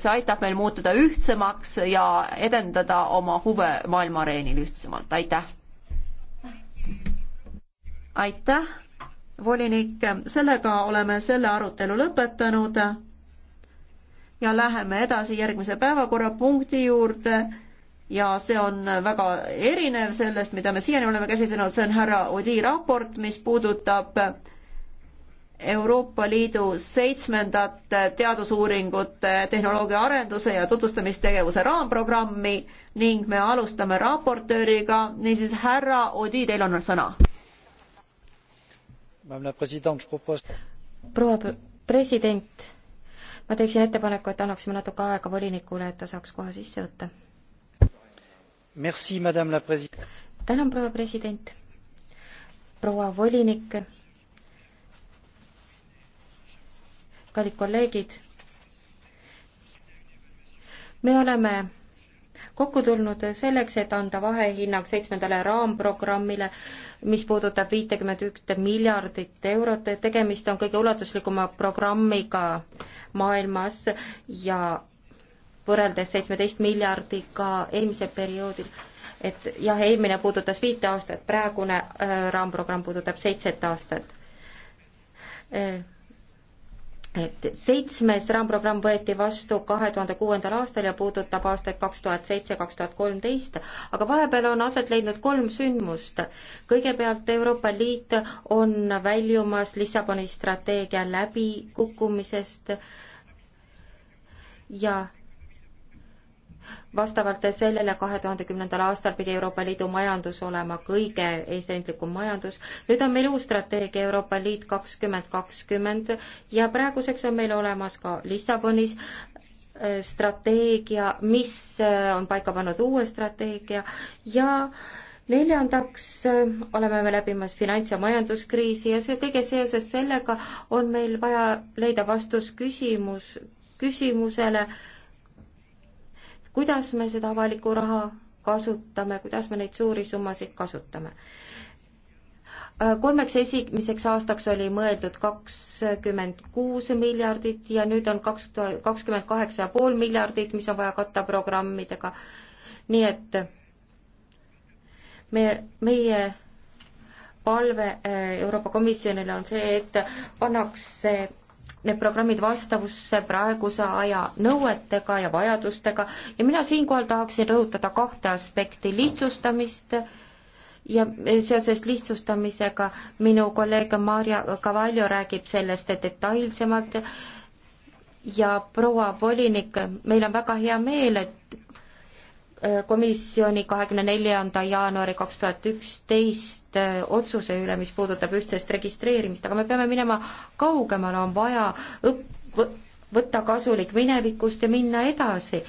see aitab meil muutuda ühtsemaks ja edendada oma huve maailma areenil ühtsemalt, aitäh! aitäh, volinik, sellega oleme selle arutelu lõpetanud ja läheme edasi järgmise päevakorrapunkti juurde ja see on väga erinev sellest, mida me siiani oleme käsitlenud, see on härra Odi raport, mis puudutab Euroopa Liidu seitsmendat teadusuuringute tehnoloogia arenduse ja tutvustamistegevuse raamprogrammi ning me alustame raportööriga, niisiis härra Odi, teil on sõna. proua president, ma teeksin ettepaneku, et annaksime natuke aega volinikule, et ta saaks kohe sisse võtta. tänan, proua president, proua volinik kallid kolleegid, me oleme kokku tulnud selleks, et anda vahehinnang seitsmendale raamprogrammile, mis puudutab viitekümmet ühte miljardit eurot, tegemist on kõige ulatuslikuma programmiga maailmas ja võrreldes seitsmeteist miljardiga eelmisel perioodil, et jah, eelmine puudutas viite aastat, praegune äh, raamprogramm puudutab seitset aastat äh, et seitsmes raamprogramm võeti vastu kahe tuhande kuuendal aastal ja puudutab aastaid kaks tuhat seitse, kaks tuhat kolmteist, aga vahepeal on aset leidnud kolm sündmust. kõigepealt Euroopa Liit on väljumas Lissaboni strateegia läbikukkumisest ja vastavalt sellele kahe tuhande kümnendal aastal pidi Euroopa Liidu majandus olema kõige eesrindlikum majandus. nüüd on meil uus strateegia Euroopa Liit kakskümmend kakskümmend ja praeguseks on meil olemas ka Lissabonis äh, strateegia, mis äh, on paika pannud uue strateegia ja neljandaks äh, oleme me läbimas finants- ja majanduskriisi ja see kõige seoses sellega on meil vaja leida vastus küsimus, küsimusele äh, kuidas me seda avalikku raha kasutame, kuidas me neid suuri summasid kasutame. kolmeks esimeseks aastaks oli mõeldud kakskümmend kuus miljardit ja nüüd on kaks, kakskümmend kaheksa ja pool miljardit, mis on vaja katta programmidega. nii et me, meie palve eh, Euroopa Komisjonile on see, et pannakse need programmid vastavusse praeguse aja nõuetega ja vajadustega ja mina siinkohal tahaksin rõhutada kahte aspekti, lihtsustamist ja seoses lihtsustamisega minu kolleeg Marja Kavaljo räägib sellest detailsemalt ja proua volinik, meil on väga hea meel, et komisjoni kahekümne neljanda jaanuari kaks tuhat üksteist äh, otsuse üle, mis puudutab ühtsest registreerimist, aga me peame minema kaugemale, on vaja õpp-, võtta kasulik minevikust ja minna edasi.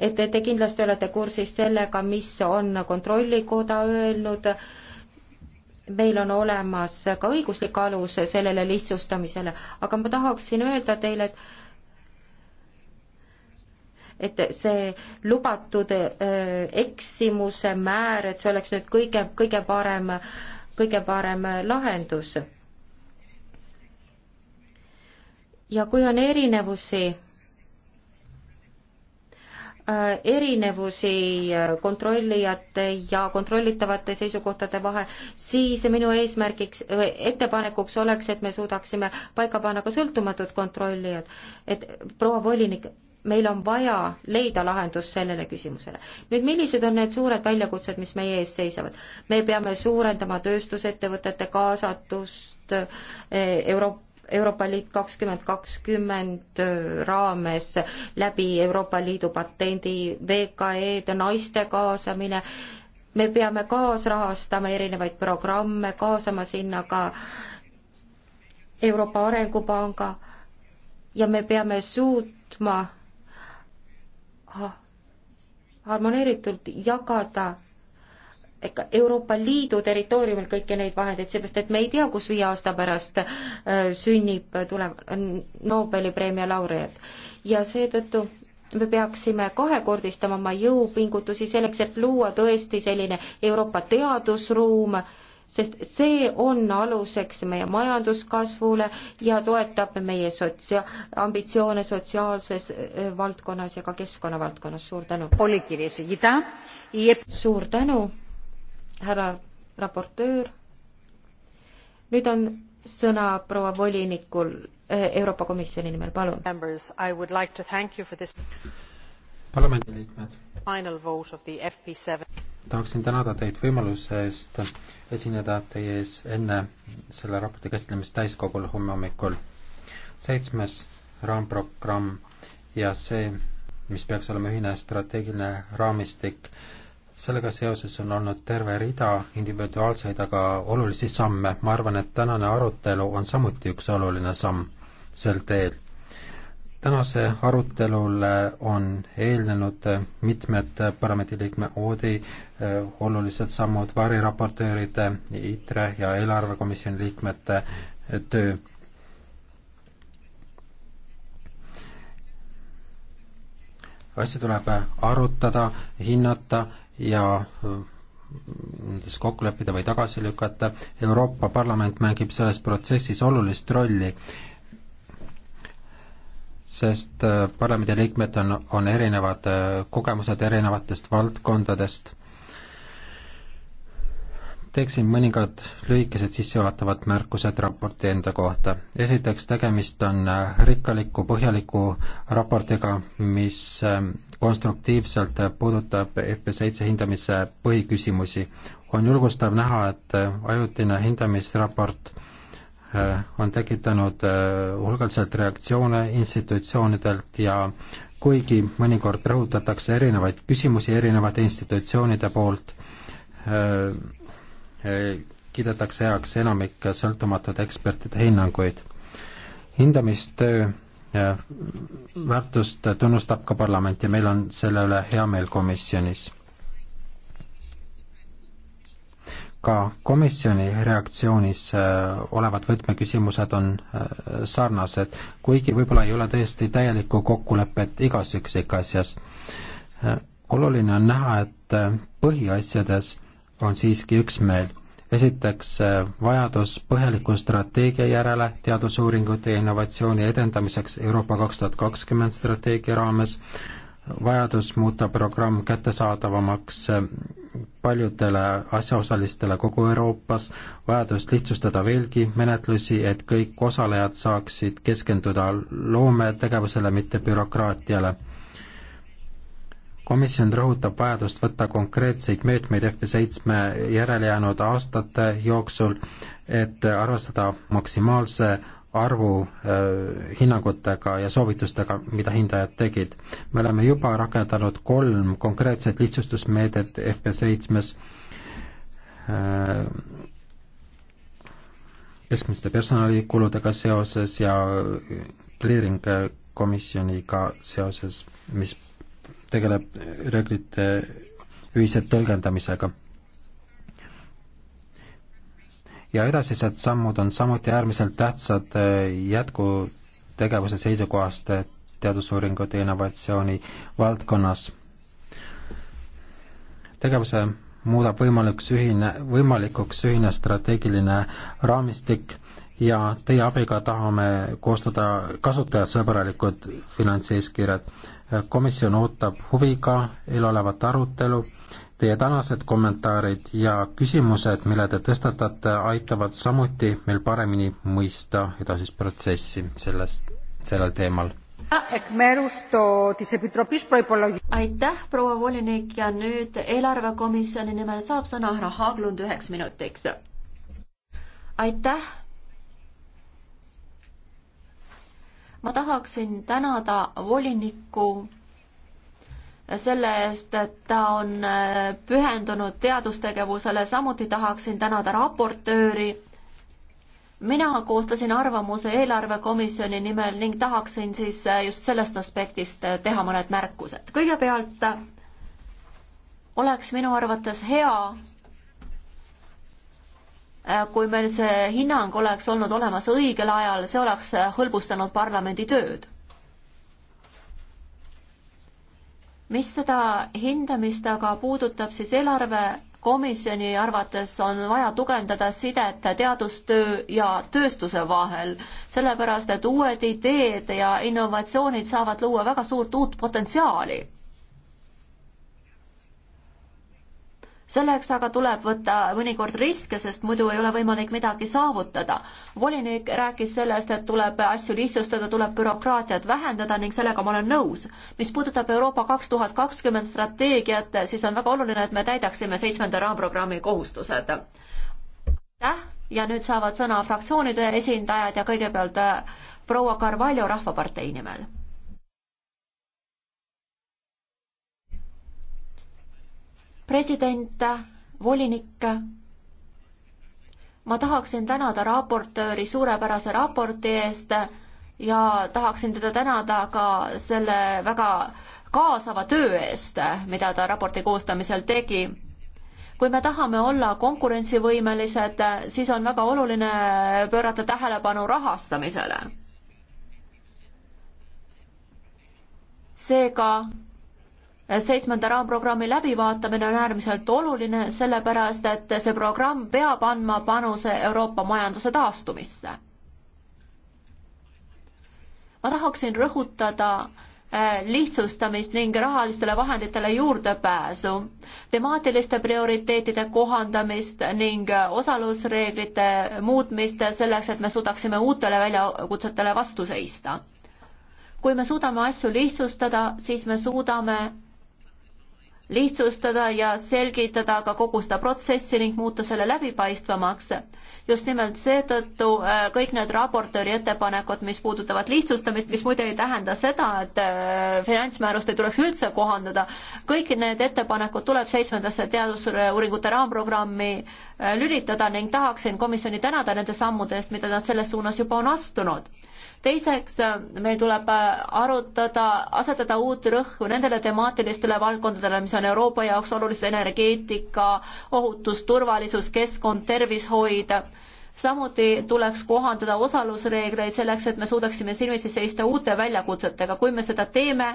et te kindlasti olete kursis sellega, mis on Kontrollikoda öelnud, meil on olemas ka õiguslik alus sellele lihtsustamisele, aga ma tahaksin öelda teile, et et see lubatud äh, eksimuse määr, et see oleks nüüd kõige, kõige parem, kõige parem äh, lahendus. ja kui on erinevusi, äh, erinevusi kontrollijate ja kontrollitavate seisukohtade vahel, siis minu eesmärgiks, ettepanekuks oleks, et me suudaksime paika panna ka sõltumatud kontrollijad. et proua volinik, meil on vaja leida lahendus sellele küsimusele. nüüd millised on need suured väljakutsed, mis meie ees seisavad? me peame suurendama tööstusettevõtete kaasatust eh, Euro-, Euroopa Liit kakskümmend kakskümmend eh, raames läbi Euroopa Liidu patendi, VKE-d, naiste kaasamine, me peame kaasrahastama erinevaid programme, kaasama sinna ka Euroopa Arengupanga ja me peame suutma harmoneeritult jagada Euroopa Liidu territooriumil kõiki neid vahendeid, seepärast et me ei tea, kus viie aasta pärast äh, sünnib tulev Nobeli preemia laureaat. ja seetõttu me peaksime kahekordistama oma jõupingutusi selleks, et luua tõesti selline Euroopa teadusruum, sest see on aluseks meie majanduskasvule ja toetab meie sotsia-, ambitsioone sotsiaalses äh, valdkonnas ja ka keskkonnavaldkonnas, suur tänu. suur tänu, härra raportöör. nüüd on sõna proua volinikul äh, Euroopa Komisjoni nimel, palun. parlamendiliikmed tahaksin tänada teid võimaluse eest esineda teie ees enne selle raporti käsitlemist täiskogul homme hommikul. seitsmes raamprogramm ja see, mis peaks olema ühine strateegiline raamistik, sellega seoses on olnud terve rida individuaalseid, aga olulisi samme. ma arvan, et tänane arutelu on samuti üks oluline samm sel teel tänase arutelule on eelnenud mitmed parlamendiliikme Oodi eh, olulised sammud variraportööride, ITRE ja eelarvekomisjoni liikmete eh, töö asju tuleb arutada, hinnata ja eh, nendes kokku leppida või tagasi lükata. Euroopa Parlament mängib selles protsessis olulist rolli sest äh, parlamendiliikmed on, on erinevad äh, kogemused erinevatest valdkondadest. teeksin mõningad lühikesed sissejuhatavad märkused raporti enda kohta. esiteks, tegemist on äh, rikkaliku, põhjaliku raportiga, mis ähm, konstruktiivselt puudutab FP7 hindamise põhiküsimusi. on julgustav näha, et ajutine hindamisraport Äh, on tekitanud äh, hulgaliselt reaktsioone institutsioonidelt ja kuigi mõnikord rõhutatakse erinevaid küsimusi erinevate institutsioonide poolt, äh, kiidetakse heaks enamik sõltumatud ekspertide hinnanguid. hindamistöö väärtust tunnustab ka parlament ja meil on selle üle hea meel komisjonis ka komisjoni reaktsioonis äh, olevad võtmeküsimused on äh, sarnased, kuigi võib-olla ei ole tõesti täielikku kokkulepet igas üksikasjas. Äh, oluline on näha, et põhiasjades on siiski üksmeel. esiteks vajadus põhjaliku strateegia järele teadusuuringute ja innovatsiooni edendamiseks Euroopa kaks tuhat kakskümmend strateegia raames, vajadus muuta programm kättesaadavamaks paljudele asjaosalistele kogu Euroopas, vajadus lihtsustada veelgi menetlusi, et kõik osalejad saaksid keskenduda loometegevusele, mitte bürokraatiale. komisjon rõhutab vajadust võtta konkreetseid meetmeid FP7 järelejäänud aastate jooksul, et arvestada maksimaalse arvu äh, hinnangutega ja soovitustega, mida hindajad tegid. me oleme juba rakendanud kolm konkreetset lihtsustusmeedet FP7-s äh, keskmiste personalikuludega seoses ja clearing komisjoniga seoses, mis tegeleb reeglite ühise tõlgendamisega ja edasised sammud on samuti äärmiselt tähtsad äh, jätkutegevuse seisukohast äh, teadusuuringute ja innovatsiooni valdkonnas. tegevuse muudab võimalikuks ühine, võimalikuks ühine strateegiline raamistik ja teie abiga tahame koostada kasutajasõbralikud finantseeskirjad. komisjon ootab huviga eelolevat arutelu Teie tänased kommentaarid ja küsimused, mille te tõstatate, aitavad samuti meil paremini mõista edasist protsessi sellest, sellel teemal. aitäh, proua volinik ja nüüd eelarvekomisjoni nimel saab sõna härra Haaglund üheks minutiks. aitäh ma tahaksin tänada volinikku selle eest, et ta on äh, pühendunud teadustegevusele, samuti tahaksin tänada raportööri. mina koostasin arvamuse eelarvekomisjoni nimel ning tahaksin siis äh, just sellest aspektist äh, teha mõned märkused. kõigepealt oleks minu arvates hea, kui meil see hinnang oleks olnud olemas õigel ajal, see oleks hõlbustanud parlamendi tööd mis seda hindamist aga puudutab, siis eelarvekomisjoni arvates on vaja tugevdada sidet teadustöö ja tööstuse vahel, sellepärast et uued ideed ja innovatsioonid saavad luua väga suurt uut potentsiaali selleks aga tuleb võtta mõnikord riske, sest muidu ei ole võimalik midagi saavutada. volinik rääkis sellest, et tuleb asju lihtsustada, tuleb bürokraatiat vähendada ning sellega ma olen nõus. mis puudutab Euroopa kaks tuhat kakskümmend strateegiat, siis on väga oluline, et me täidaksime seitsmenda raamprogrammi kohustused. aitäh ja nüüd saavad sõna fraktsioonide esindajad ja kõigepealt äh, proua Carvalho Rahvapartei nimel president, volinik, ma tahaksin tänada raportööri suurepärase raporti eest ja tahaksin teda tänada ka selle väga kaasava töö eest, mida ta raporti koostamisel tegi. kui me tahame olla konkurentsivõimelised, siis on väga oluline pöörata tähelepanu rahastamisele. seega seitsmenda raamprogrammi läbivaatamine on äärmiselt oluline, sellepärast et see programm peab andma panuse Euroopa majanduse taastumisse. ma tahaksin rõhutada äh, lihtsustamist ning rahalistele vahenditele juurdepääsu, temaatiliste prioriteetide kohandamist ning äh, osalusreeglite muutmist selleks, et me suudaksime uutele väljakutsetele vastu seista. kui me suudame asju lihtsustada, siis me suudame lihtsustada ja selgitada ka kogu seda protsessi ning muuta selle läbipaistvamaks. just nimelt seetõttu äh, kõik need raportööri ettepanekud, mis puudutavad lihtsustamist, mis muide ei tähenda seda, et äh, finantsmäärust ei tuleks üldse kohandada, kõik need ettepanekud tuleb seitsmendasse teadusuuringute raamprogrammi äh, lülitada ning tahaksin komisjoni tänada nende sammude eest, mida nad selles suunas juba on astunud teiseks, äh, meil tuleb äh, arutada, asetada uut rõhku nendele temaatilistele valdkondadele, mis on Euroopa jaoks olulised, energeetika, ohutus, turvalisus, keskkond, tervishoid, samuti tuleks kohandada osalusreegleid selleks, et me suudaksime silmitsi seista uute väljakutsetega, kui me seda teeme,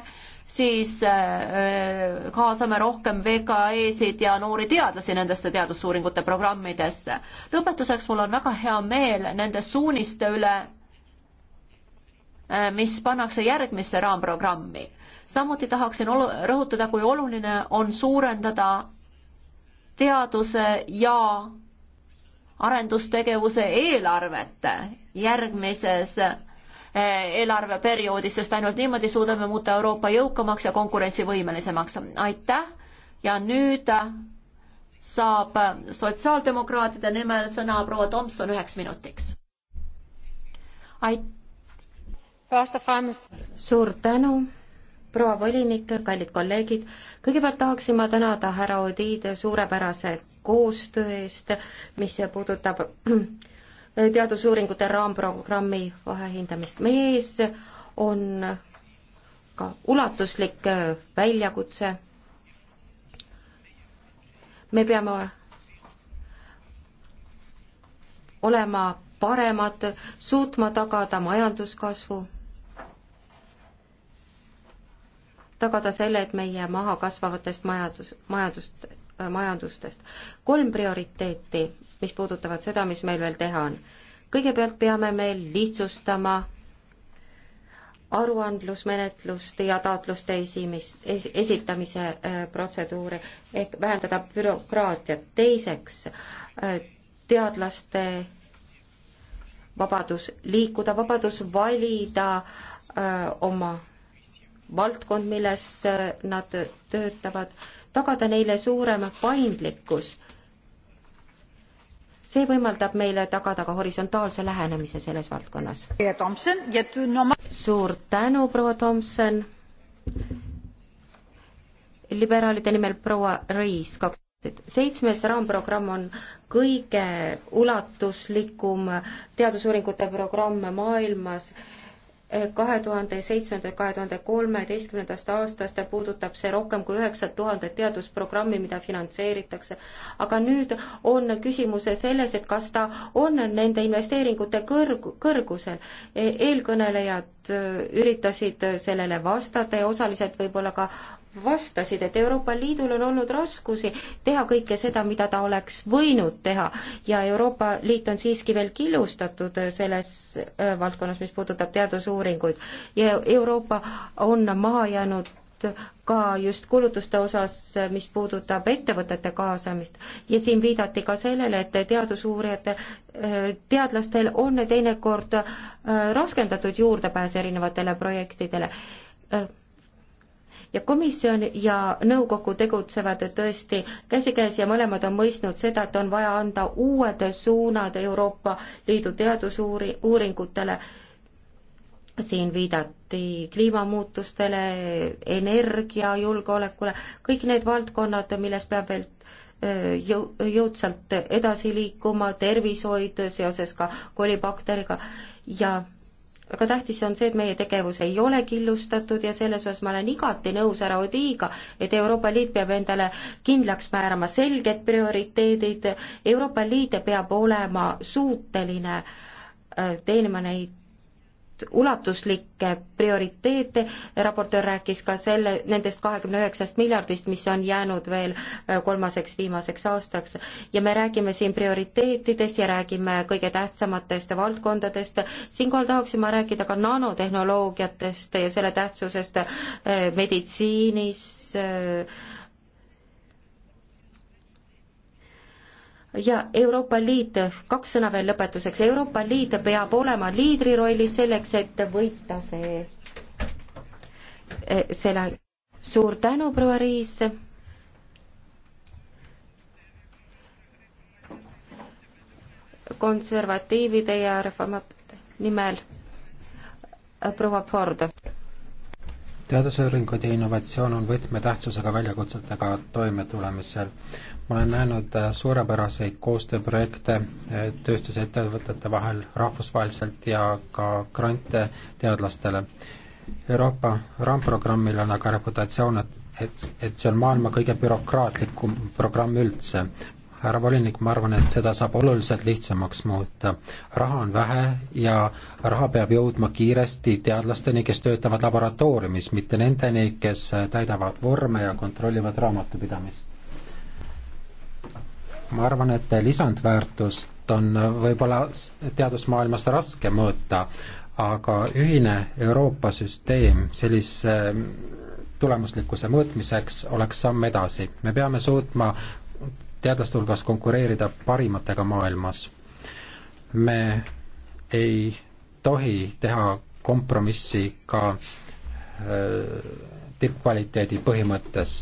siis äh, kaasame rohkem VKE-sid ja noori teadlasi nendesse teadusuuringute programmidesse. lõpetuseks mul on väga hea meel nende suuniste üle, Äh, mis pannakse järgmisse raamprogrammi. samuti tahaksin olu-, rõhutada, kui oluline on suurendada teaduse ja arendustegevuse eelarvet järgmises äh, eelarveperioodis, sest ainult niimoodi suudame muuta Euroopa jõukamaks ja konkurentsivõimelisemaks. aitäh ja nüüd äh, saab sotsiaaldemokraatide nimel sõna proua Tomson üheks minutiks. aitäh suur tänu, proua volinik, kallid kolleegid. kõigepealt tahaksin ma tänada härra Odiid suurepärase koostöö eest, mis puudutab teadusuuringute raamprogrammi vahehindamist. meie ees on ka ulatuslik väljakutse. me peame olema paremad, suutma tagada majanduskasvu tagada selle, et meie maha kasvavatest majandus, majandust, äh, majandustest. kolm prioriteeti, mis puudutavad seda, mis meil veel teha on. kõigepealt peame me lihtsustama aruandlusmenetlust ja taotluste esimis- es,, esitamise äh, protseduuri ehk vähendada bürokraatiat. teiseks, äh, teadlaste vabadus liikuda, vabadus valida öö, oma valdkond, milles äh, nad töötavad, tagada neile suurem paindlikkus. see võimaldab meile tagada ka horisontaalse lähenemise selles valdkonnas. suur tänu, proua Tomson. liberaalide nimel proua Riis, kaks seitsmes raamprogramm on kõige ulatuslikum teadusuuringute programm maailmas kahe tuhande seitsmenda, kahe tuhande kolmeteistkümnendast aastast puudutab see rohkem kui üheksat tuhandet teadusprogrammi, mida finantseeritakse. aga nüüd on küsimus selles, et kas ta on nende investeeringute kõrg-, kõrgusel. E-, eelkõnelejad äh, üritasid sellele vastata ja osaliselt võib-olla ka vastasid, et Euroopa Liidul on olnud raskusi teha kõike seda, mida ta oleks võinud teha ja Euroopa Liit on siiski veel killustatud selles äh, valdkonnas, mis puudutab teadusuuringuid ja Euroopa on maha jäänud ka just kulutuste osas, äh, mis puudutab ettevõtete kaasamist ja siin viidati ka sellele, et teadusuurijate, äh, teadlastel on teinekord raskendatud juurdepääs erinevatele projektidele ja komisjon ja nõukogu tegutsevad tõesti käsikäes ja mõlemad on mõistnud seda, et on vaja anda uued suunad Euroopa Liidu teadusuuringutele. siin viidati kliimamuutustele, energiajulgeolekule, kõik need valdkonnad, milles peab veel jõu-, jõudsalt edasi liikuma, tervishoid seoses ka kolibakteriga ja väga tähtis on see, et meie tegevus ei ole killustatud ja selles osas ma olen igati nõus härra Odiga, et Euroopa Liit peab endale kindlaks määrama selged prioriteedid, Euroopa Liit peab olema suuteline äh, teenima neid ulatuslikke prioriteete, raportöör rääkis ka selle, nendest kahekümne üheksast miljardist, mis on jäänud veel äh, kolmaseks viimaseks aastaks. ja me räägime siin prioriteetidest ja räägime kõige tähtsamatest valdkondadest, siinkohal tahaksin ma rääkida ka nanotehnoloogiatest ja selle tähtsusest äh, meditsiinis, äh, ja Euroopa Liit, kaks sõna veel lõpetuseks, Euroopa Liit peab olema liidri rollis selleks, et võita see, eh, selle, suur tänu, proua Riis. konservatiivide ja reformatide nimel eh, proua Ford. teadusuuringud ja innovatsioon on võtmetähtsusega väljakutsetega toimetulemisel ma olen näinud äh, suurepäraseid koostööprojekte äh, tööstusettevõtete vahel rahvusvaheliselt ja ka grante teadlastele. Euroopa RAM-programmil on aga reputatsioon, et, et, et see on maailma kõige bürokraatlikum programm üldse. härra volinik, ma arvan, et seda saab oluliselt lihtsamaks muuta. raha on vähe ja raha peab jõudma kiiresti teadlasteni, kes töötavad laboratooriumis, mitte nendeni, kes äh, täidavad vorme ja kontrollivad raamatupidamist ma arvan, et lisandväärtust on võib-olla teadusmaailmas raske mõõta, aga ühine Euroopa süsteem sellise tulemuslikkuse mõõtmiseks oleks samm edasi. me peame suutma teadlaste hulgas konkureerida parimatega maailmas. me ei tohi teha kompromissi ka äh, tippkvaliteedi põhimõttes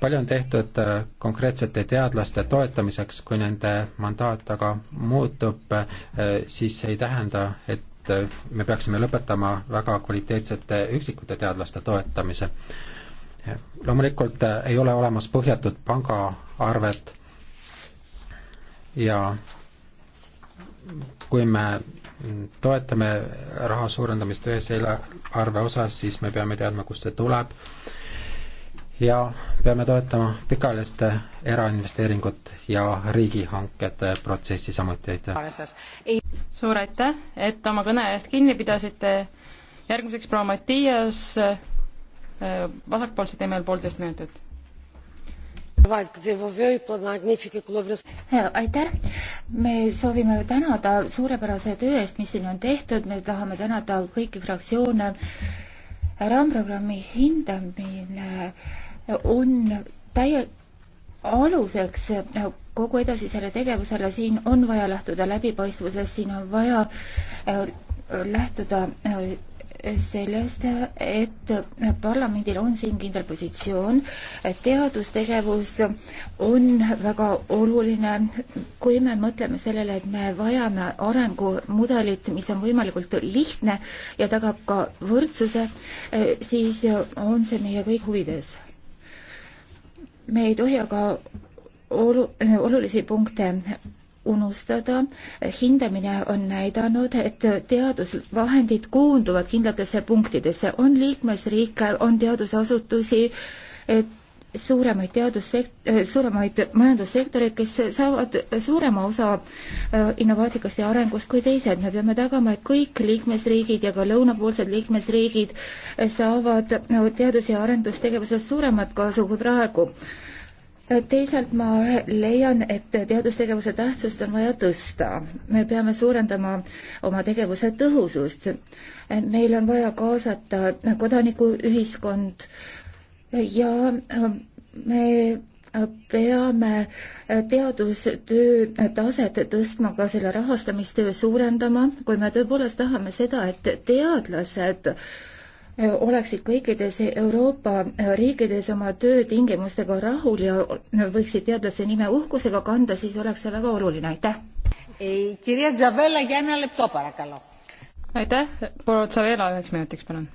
palju on tehtud äh, konkreetsete teadlaste toetamiseks, kui nende mandaat aga muutub, äh, siis see ei tähenda, et äh, me peaksime lõpetama väga kvaliteetsete üksikute teadlaste toetamise. loomulikult ei ole olemas põhjatut pangaarvet ja kui me toetame raha suurendamist ühes eelarve osas, siis me peame teadma, kust see tuleb ja peame toetama pikaajaliste erainvesteeringut ja riigihankede protsessi samuti, aitäh! suur aitäh, et oma kõne eest kinni pidasite, järgmiseks proua Mattias, äh, vasakpoolse nimel poolteist minutit trabalho äh, que desenvolveu e pela magnífica colaboração. aitäh, me soovime tänada suurepärase töö eest, mis siin on tehtud, me tahame tänada kõiki fraktsioone. raamprogrammi hindamine on täie, aluseks kogu edasisele tegevusele, siin on vaja lähtuda läbipaistvusest, siin on vaja äh, lähtuda äh, sellest, et parlamendil on siin kindel positsioon, teadustegevus on väga oluline, kui me mõtleme sellele, et me vajame arengumudelit, mis on võimalikult lihtne ja tagab ka võrdsuse, äh, siis on see meie kõik huvides me ei tohi aga olu-, olulisi punkte unustada. hindamine on näidanud, et teadusvahendid koonduvad kindlatesse punktidesse, on liikmesriike, on teadusasutusi, et suuremaid teadussekt-, äh, suuremaid majandussektoreid, kes saavad suurema osa äh, innovaatikast ja arengust kui teised. me peame tagama, et kõik liikmesriigid ja ka lõunapoolsed liikmesriigid äh, saavad teadus- ja arendustegevusest suuremat kasu kui praegu teisalt ma leian, et teadustegevuse tähtsust on vaja tõsta. me peame suurendama oma tegevuse tõhusust. meil on vaja kaasata kodanikuühiskond, ja äh, me äh, peame äh, teadustöö taset tõstma ka selle rahastamistöö suurendama, kui me tõepoolest tahame seda, et teadlased oleksid kõikides Euroopa riikides oma töötingimustega rahul ja võiksid teadlase nime uhkusega kanda, siis oleks see väga oluline, aitäh! Eh, aitäh, proua Tsavela üheks minutiks, palun!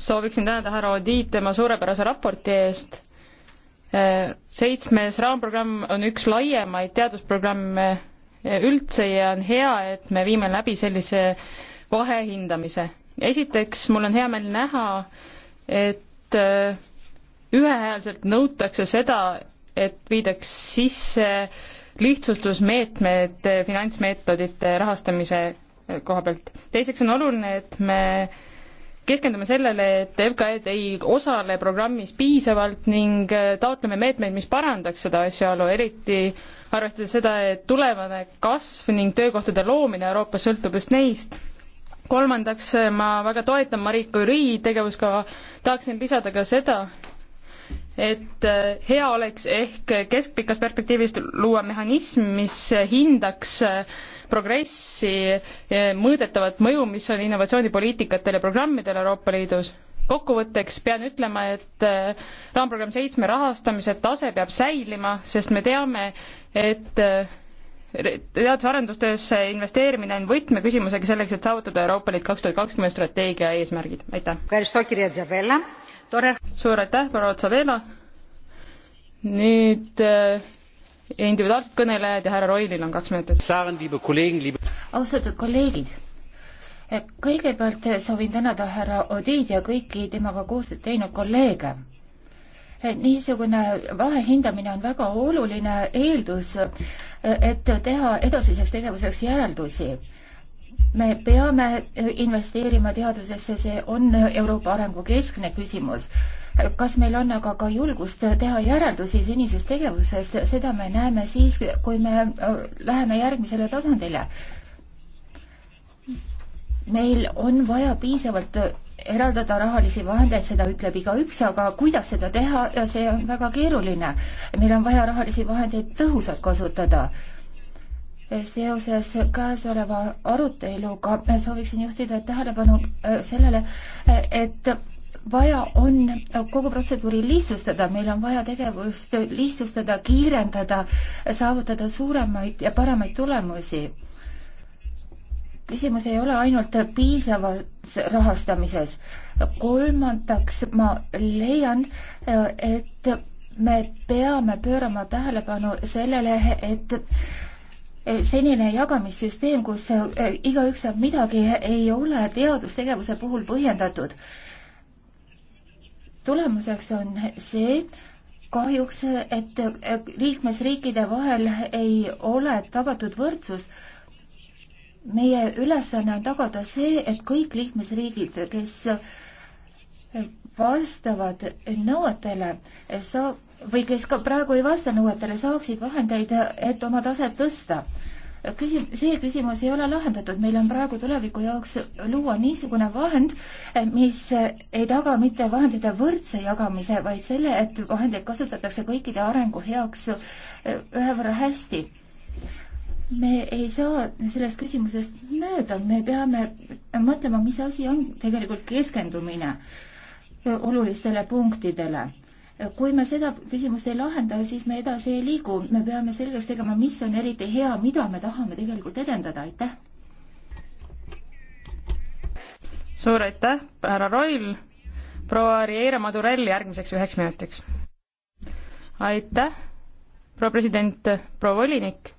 sooviksin tänada härra Odiit tema suurepärase raporti eest. seitsmes raamprogramm on üks laiemaid teadusprogramme üldse ja on hea, et me viime läbi sellise vahehindamise. esiteks, mul on hea meel näha, et äh, ühehäälselt nõutakse seda, et viidaks sisse lihtsustusmeetmed finantsmeetodite rahastamise äh, koha pealt. teiseks on oluline, et me keskendume sellele, et FKE-d ei osale programmis piisavalt ning äh, taotleme meetmeid, mis parandaks seda asjaolu, eriti arvestades seda, et tulevane kasv ning töökohtade loomine Euroopas sõltub just neist. kolmandaks, äh, ma väga toetan Marie Curie tegevuskava, tahaksin lisada ka seda, et äh, hea oleks ehk keskpikas perspektiivis luua mehhanism, mis hindaks äh, progressi, eh, mõõdetavat mõju, mis on innovatsioonipoliitikatele ja programmidele Euroopa Liidus. kokkuvõtteks pean ütlema, et eh, raamprogramm seitsme rahastamise tase peab säilima, sest me teame, et eh, teadus-arendustöösse investeerimine on võtmeküsimusega selleks, et saavutada Euroopa Liit kaks tuhat kakskümmend strateegia eesmärgid, aitäh. suur aitäh, proua Otsavela. nüüd individuaalsed kõnelejad ja härra Roilil on kaks minutit. austatud kolleegid, eh, kõigepealt eh, soovin tänada härra Odiid ja kõiki temaga koostööd teinud kolleege. Eh, niisugune vahehindamine on väga oluline eeldus, et teha edasiseks tegevuseks järeldusi me peame investeerima teadusesse, see on Euroopa arengu keskne küsimus kas meil on aga ka julgust teha järeldusi senisest tegevusest, seda me näeme siis, kui me äh, läheme järgmisele tasandile. meil on vaja piisavalt eraldada rahalisi vahendeid, seda ütleb igaüks, aga kuidas seda teha, see on väga keeruline. meil on vaja rahalisi vahendeid tõhusalt kasutada. seoses käesoleva aruteluga sooviksin juhtida tähelepanu äh, sellele, äh, et vaja on kogu protseduuri lihtsustada, meil on vaja tegevust lihtsustada, kiirendada, saavutada suuremaid ja paremaid tulemusi. küsimus ei ole ainult piisavas rahastamises. kolmandaks ma leian, et me peame pöörama tähelepanu sellele, et senine jagamissüsteem, kus igaüks saab midagi, ei ole teadustegevuse puhul põhjendatud tulemuseks on see, kahjuks, et liikmesriikide vahel ei ole tagatud võrdsus. meie ülesanne on tagada see, et kõik liikmesriigid, kes vastavad nõuetele, saa- või kes ka praegu ei vasta nõuetele, saaksid vahendeid, et oma taset tõsta küsim-, see küsimus ei ole lahendatud, meil on praegu tuleviku jaoks luua niisugune vahend, eh, mis eh, ei taga mitte vahendite võrdse jagamise, vaid selle, et vahendeid kasutatakse kõikide arengu heaks eh, ühevõrra hästi. me ei saa sellest küsimusest mööda, me peame mõtlema, mis asi on tegelikult keskendumine olulistele punktidele kui me seda küsimust ei lahenda, siis me edasi ei liigu. me peame selgeks tegema, mis on eriti hea, mida me tahame tegelikult edendada, aitäh. suur aitäh, härra Roil. proua Riera Madurell järgmiseks üheks minutiks. aitäh, proua president, proua volinik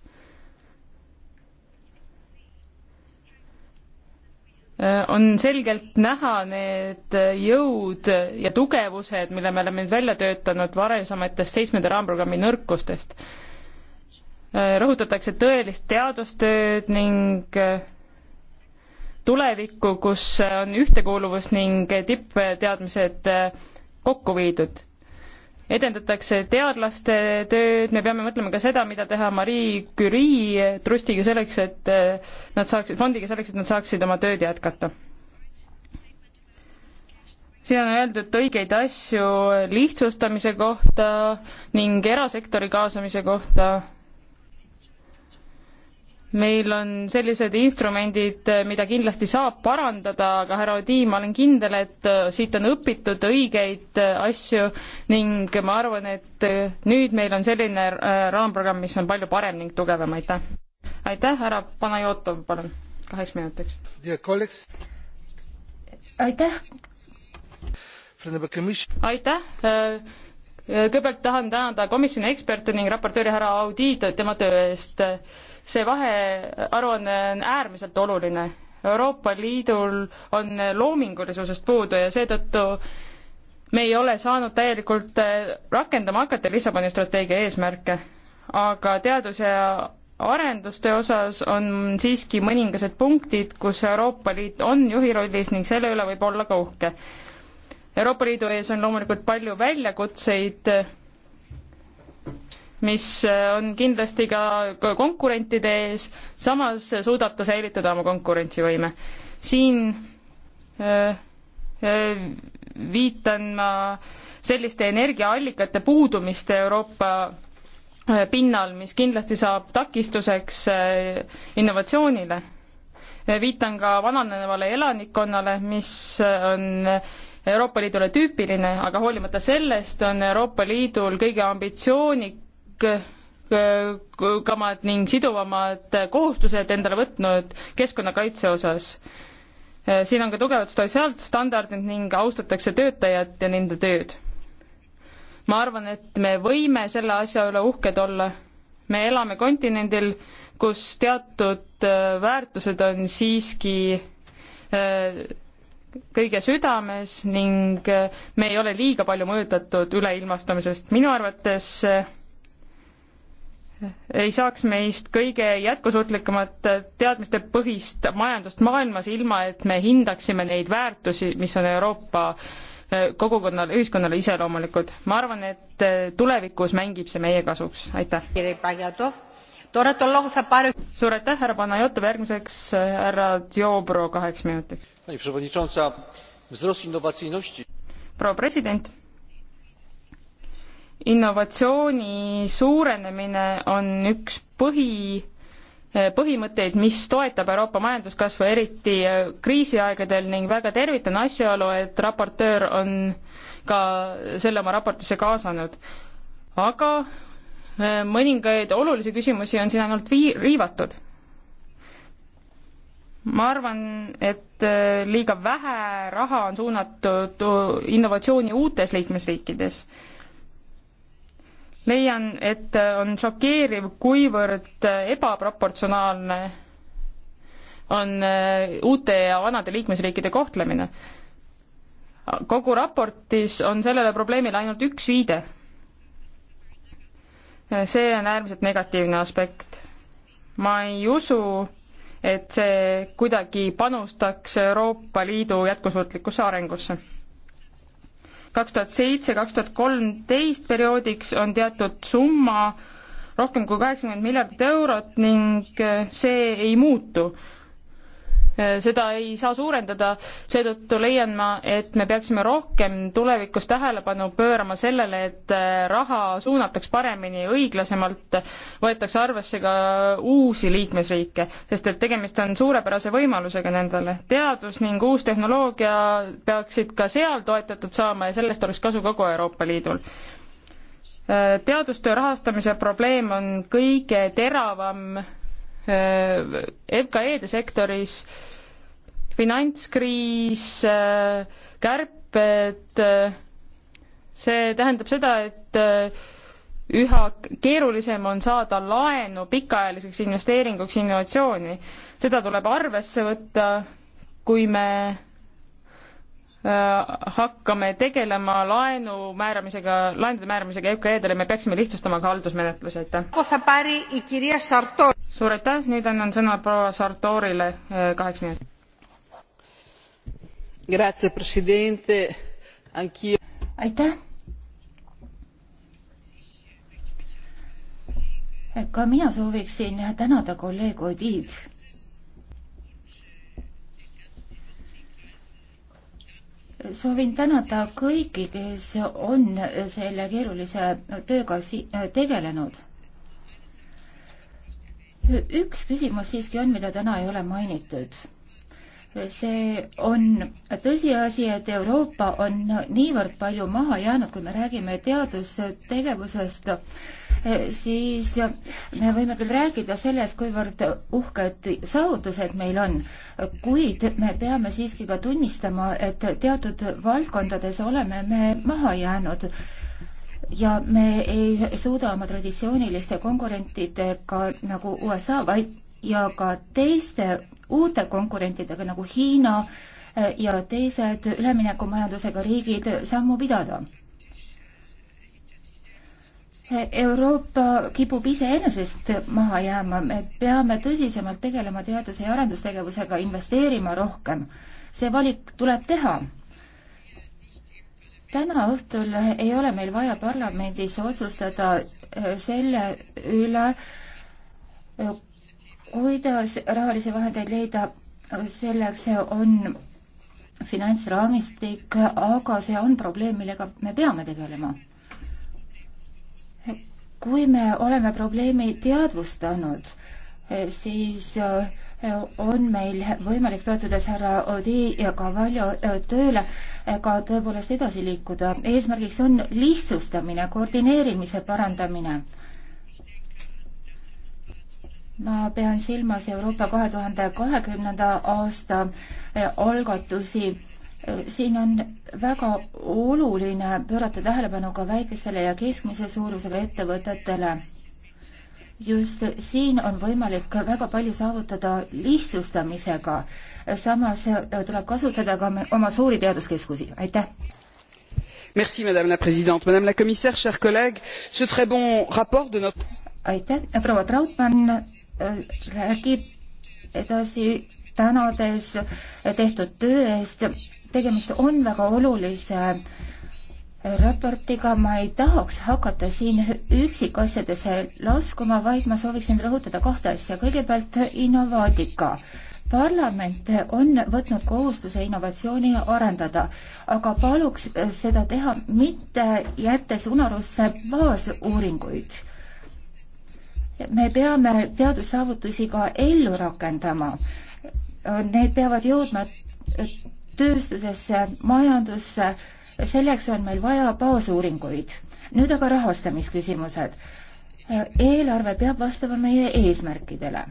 Äh, on selgelt näha need jõud ja tugevused, mille me oleme nüüd välja töötanud varasematest seitsmenda raamprogrammi nõrkustest. Äh, rõhutatakse tõelist teadustööd ning äh, tulevikku, kus on ühtekuuluvus ning tippteadmised kokku viidud edendatakse teadlaste tööd, me peame mõtlema ka seda, mida teha Marie Curie trustiga selleks, et eh, nad saaksid, fondiga selleks, et nad saaksid oma tööd jätkata. siin on öeldud õigeid asju lihtsustamise kohta ning erasektori kaasamise kohta meil on sellised instrumendid, eh, mida kindlasti saab parandada, aga härra Odi, ma olen kindel, et eh, siit on õpitud õigeid eh, asju ning ma arvan, et nüüd meil on selline raamprogramm, mis on palju parem ning tugevam, aitäh. aitäh, härra Panajotov, palun, kaheks minutiks. aitäh. aitäh kõigepealt tahan tänada komisjoni eksperte ning raportööri härra Audit tema töö eest see vahearuanne on äärmiselt oluline. Euroopa Liidul on loomingulisusest puudu ja seetõttu me ei ole saanud täielikult rakendama hakata Lissaboni strateegia eesmärke, aga teadus- ja arendustöö osas on siiski mõningased punktid, kus Euroopa Liit on juhi rollis ning selle üle võib olla ka uhke. Euroopa Liidu ees on loomulikult palju väljakutseid mis äh, on kindlasti ka konkurentide ees, samas suudab ta säilitada oma konkurentsivõime. siin öö, äh, öö, äh, viitan ma selliste energiaallikate puudumist Euroopa pinnal, mis kindlasti saab takistuseks innovatsioonile. viitan ka vananevale elanikkonnale, mis on Euroopa Liidule tüüpiline, aga hoolimata sellest on Euroopa Liidul kõige ambitsioonikamad kamad ning siduvamad kohustused endale võtnud keskkonnakaitse osas. siin on ka tugevad sotsiaalstandardid ning austatakse töötajat ja nende tööd. ma arvan, et me võime selle asja üle uhked olla. me elame kontinendil, kus teatud äh, väärtused on siiski äh, kõige südames ning äh, me ei ole liiga palju mõjutatud üleilmastamisest. minu arvates ei saaks meist kõige jätkusuutlikumat teadmistepõhist majandust maailmas, ilma et me hindaksime neid väärtusi, mis on Euroopa eh, kogukonnale, ühiskonnale iseloomulikud. ma arvan, et eh, tulevikus mängib see meie kasuks, aitäh. suur aitäh, härra Panajotov, järgmiseks eh, härra Djobro kaheks minutiks. proua president innovatsiooni suurenemine on üks põhi, eh, põhimõtteid, mis toetab Euroopa majanduskasvu, eriti eh, kriisiaegadel ning väga tervitan asjaolu, et raportöör on ka selle oma raportisse kaasanud. aga eh, mõningaid olulisi küsimusi on siin ainult vii-, riivatud. ma arvan, et liiga vähe raha on suunatud innovatsiooni uutes liikmesriikides leian, et on šokeeriv, kuivõrd ebaproportsionaalne on äh, uute ja vanade liikmesriikide kohtlemine. kogu raportis on sellele probleemile ainult üks viide. see on äärmiselt negatiivne aspekt. ma ei usu, et see kuidagi panustaks Euroopa Liidu jätkusuutlikkusse arengusse kaks tuhat seitse, kaks tuhat kolmteist perioodiks on teatud summa rohkem kui kaheksakümmend miljardit eurot ning eh, see ei muutu. Eh, seda ei saa suurendada, seetõttu leian ma, et me peaksime rohkem tulevikus tähelepanu pöörama sellele, et eh, raha suunataks paremini, õiglasemalt, võetakse arvesse ka uusi liikmesriike, sest et tegemist on suurepärase võimalusega nendele. teadus ning uus tehnoloogia peaksid ka seal toetatud saama ja sellest oleks kasu kogu Euroopa Liidul eh, teadustöö rahastamise probleem on kõige teravam FKE-de sektoris finantskriis, kärped, see tähendab seda, et üha keerulisem on saada laenu pikaajaliseks investeeringuks innovatsiooni. seda tuleb arvesse võtta, kui me äh, hakkame tegelema laenu määramisega, laenude määramisega EKE-dele, me peaksime lihtsustama ka haldusmenetlusi, aitäh. suur aitäh, nüüd annan sõna proua Sartorile äh, kaheks minutiks aitäh! ka mina sooviksin tänada kolleeg Odid. soovin tänada kõiki, kes on selle keerulise tööga tegelenud. üks küsimus siiski on, mida täna ei ole mainitud see on tõsiasi, et Euroopa on niivõrd palju maha jäänud, kui me räägime teadustegevusest, siis me võime küll rääkida sellest, kuivõrd uhked saavutused meil on, kuid me peame siiski ka tunnistama, et teatud valdkondades oleme me maha jäänud ja me ei suuda oma traditsiooniliste konkurentidega nagu USA, vaid ja ka teiste uute konkurentidega nagu Hiina eh, ja teised üleminekumajandusega riigid sammu pidada. Euroopa kipub iseenesest maha jääma, me peame tõsisemalt tegelema teaduse ja arendustegevusega, investeerima rohkem. see valik tuleb teha täna õhtul ei ole meil vaja parlamendis otsustada eh, selle üle, kuidas rahalisi vahendeid leida, selleks on finantsraamistik, aga see on probleem, millega me peame tegelema. kui me oleme probleemi teadvustanud, siis eh, on meil võimalik toetudes härra Odi ja Cavallo eh, tööle eh, ka tõepoolest edasi liikuda. eesmärgiks on lihtsustamine, koordineerimise parandamine ma pean silmas Euroopa kahe tuhande kahekümnenda aasta eh, algatusi. Eh, siin on väga oluline pöörata tähelepanu ka väikestele ja keskmise suurusega ettevõtetele. just siin on võimalik väga palju saavutada lihtsustamisega. samas eh, tuleb kasutada ka oma suuri teaduskeskusi. aitäh! Merci, madame la présidente madame la commissaire chers collègues ce très bon rapport de notre aitäh proua trautmann räägib edasi tänades tehtud töö eest. tegemist on väga olulise raportiga ma ei tahaks hakata siin üksikasjadesse laskuma, vaid ma sooviksin rõhutada kahte asja. kõigepealt innovaatika parlament on võtnud kohustuse innovatsiooni arendada, aga paluks seda teha mitte jättes unarusse baasuuringuid me peame teadussaavutusi ka ellu rakendama. Need peavad jõudma tööstusesse, majandusse, selleks on meil vaja baasuuringuid. nüüd aga rahastamisküsimused. eelarve peab vastama meie eesmärkidele.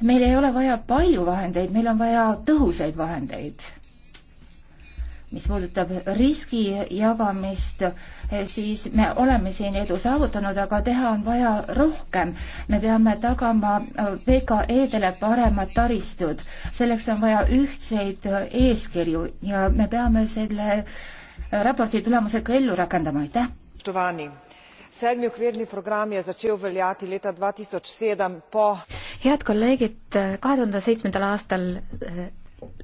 meil ei ole vaja palju vahendeid, meil on vaja tõhusaid vahendeid mis puudutab riski jagamist, siis me oleme siin edu saavutanud, aga teha on vaja rohkem. me peame tagama VKE-dele paremad taristud, selleks on vaja ühtseid eeskirju ja me peame selle raporti tulemuse ka ellu rakendama, aitäh! sedmi okvirni program je začel veljati leta 2007 po head kolleegid, kahe tuhande seitsmendal aastal eh,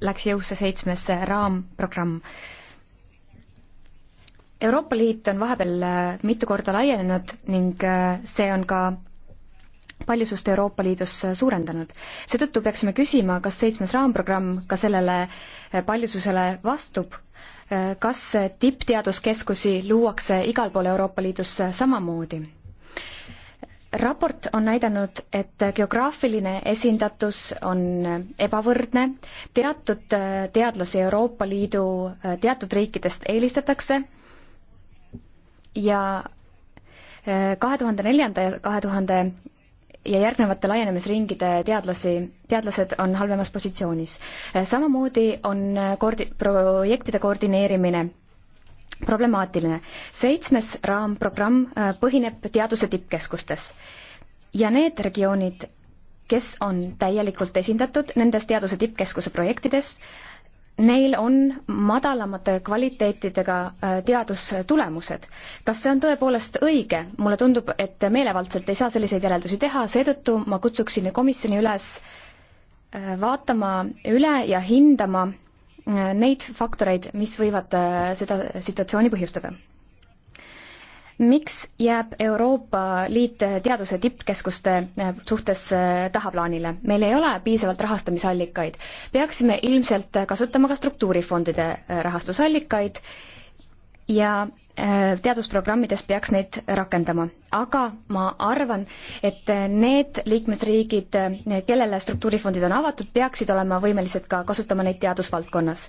läks jõusse seitsmes raamprogramm. Euroopa Liit on vahepeal äh, mitu korda laienenud ning äh, see on ka paljusust Euroopa Liidus äh, suurendanud. seetõttu peaksime küsima, kas seitsmes raamprogramm ka sellele paljususele vastub, kas tippteaduskeskusi luuakse igal pool Euroopa Liidus samamoodi raport on näidanud, et geograafiline esindatus on ebavõrdne, teatud äh, teadlasi Euroopa Liidu äh, teatud riikidest eelistatakse ja äh, kahe tuhande neljanda ja kahe tuhande ja järgnevate laienemisringide teadlasi, teadlased on halvemas positsioonis. samamoodi on koordi-, projektide koordineerimine problemaatiline. seitsmes raamprogramm äh, põhineb teaduse tippkeskustes ja need regioonid, kes on täielikult esindatud nendes teaduse tippkeskuse projektides, neil on madalamate kvaliteetidega äh, teadustulemused. kas see on tõepoolest õige? mulle tundub, et meelevaldselt ei saa selliseid järeldusi teha, seetõttu ma kutsuksin komisjoni üles äh, vaatama üle ja hindama neid faktoreid, mis võivad äh, seda situatsiooni põhjustada. miks jääb Euroopa Liit teaduse tippkeskuste äh, suhtes äh, tahaplaanile? meil ei ole piisavalt rahastamisallikaid. peaksime ilmselt kasutama ka struktuurifondide rahastusallikaid ja Äh, teadusprogrammides peaks neid rakendama. aga ma arvan, et need liikmesriigid, kellele struktuurifondid on avatud, peaksid olema võimelised ka kasutama neid teadusvaldkonnas.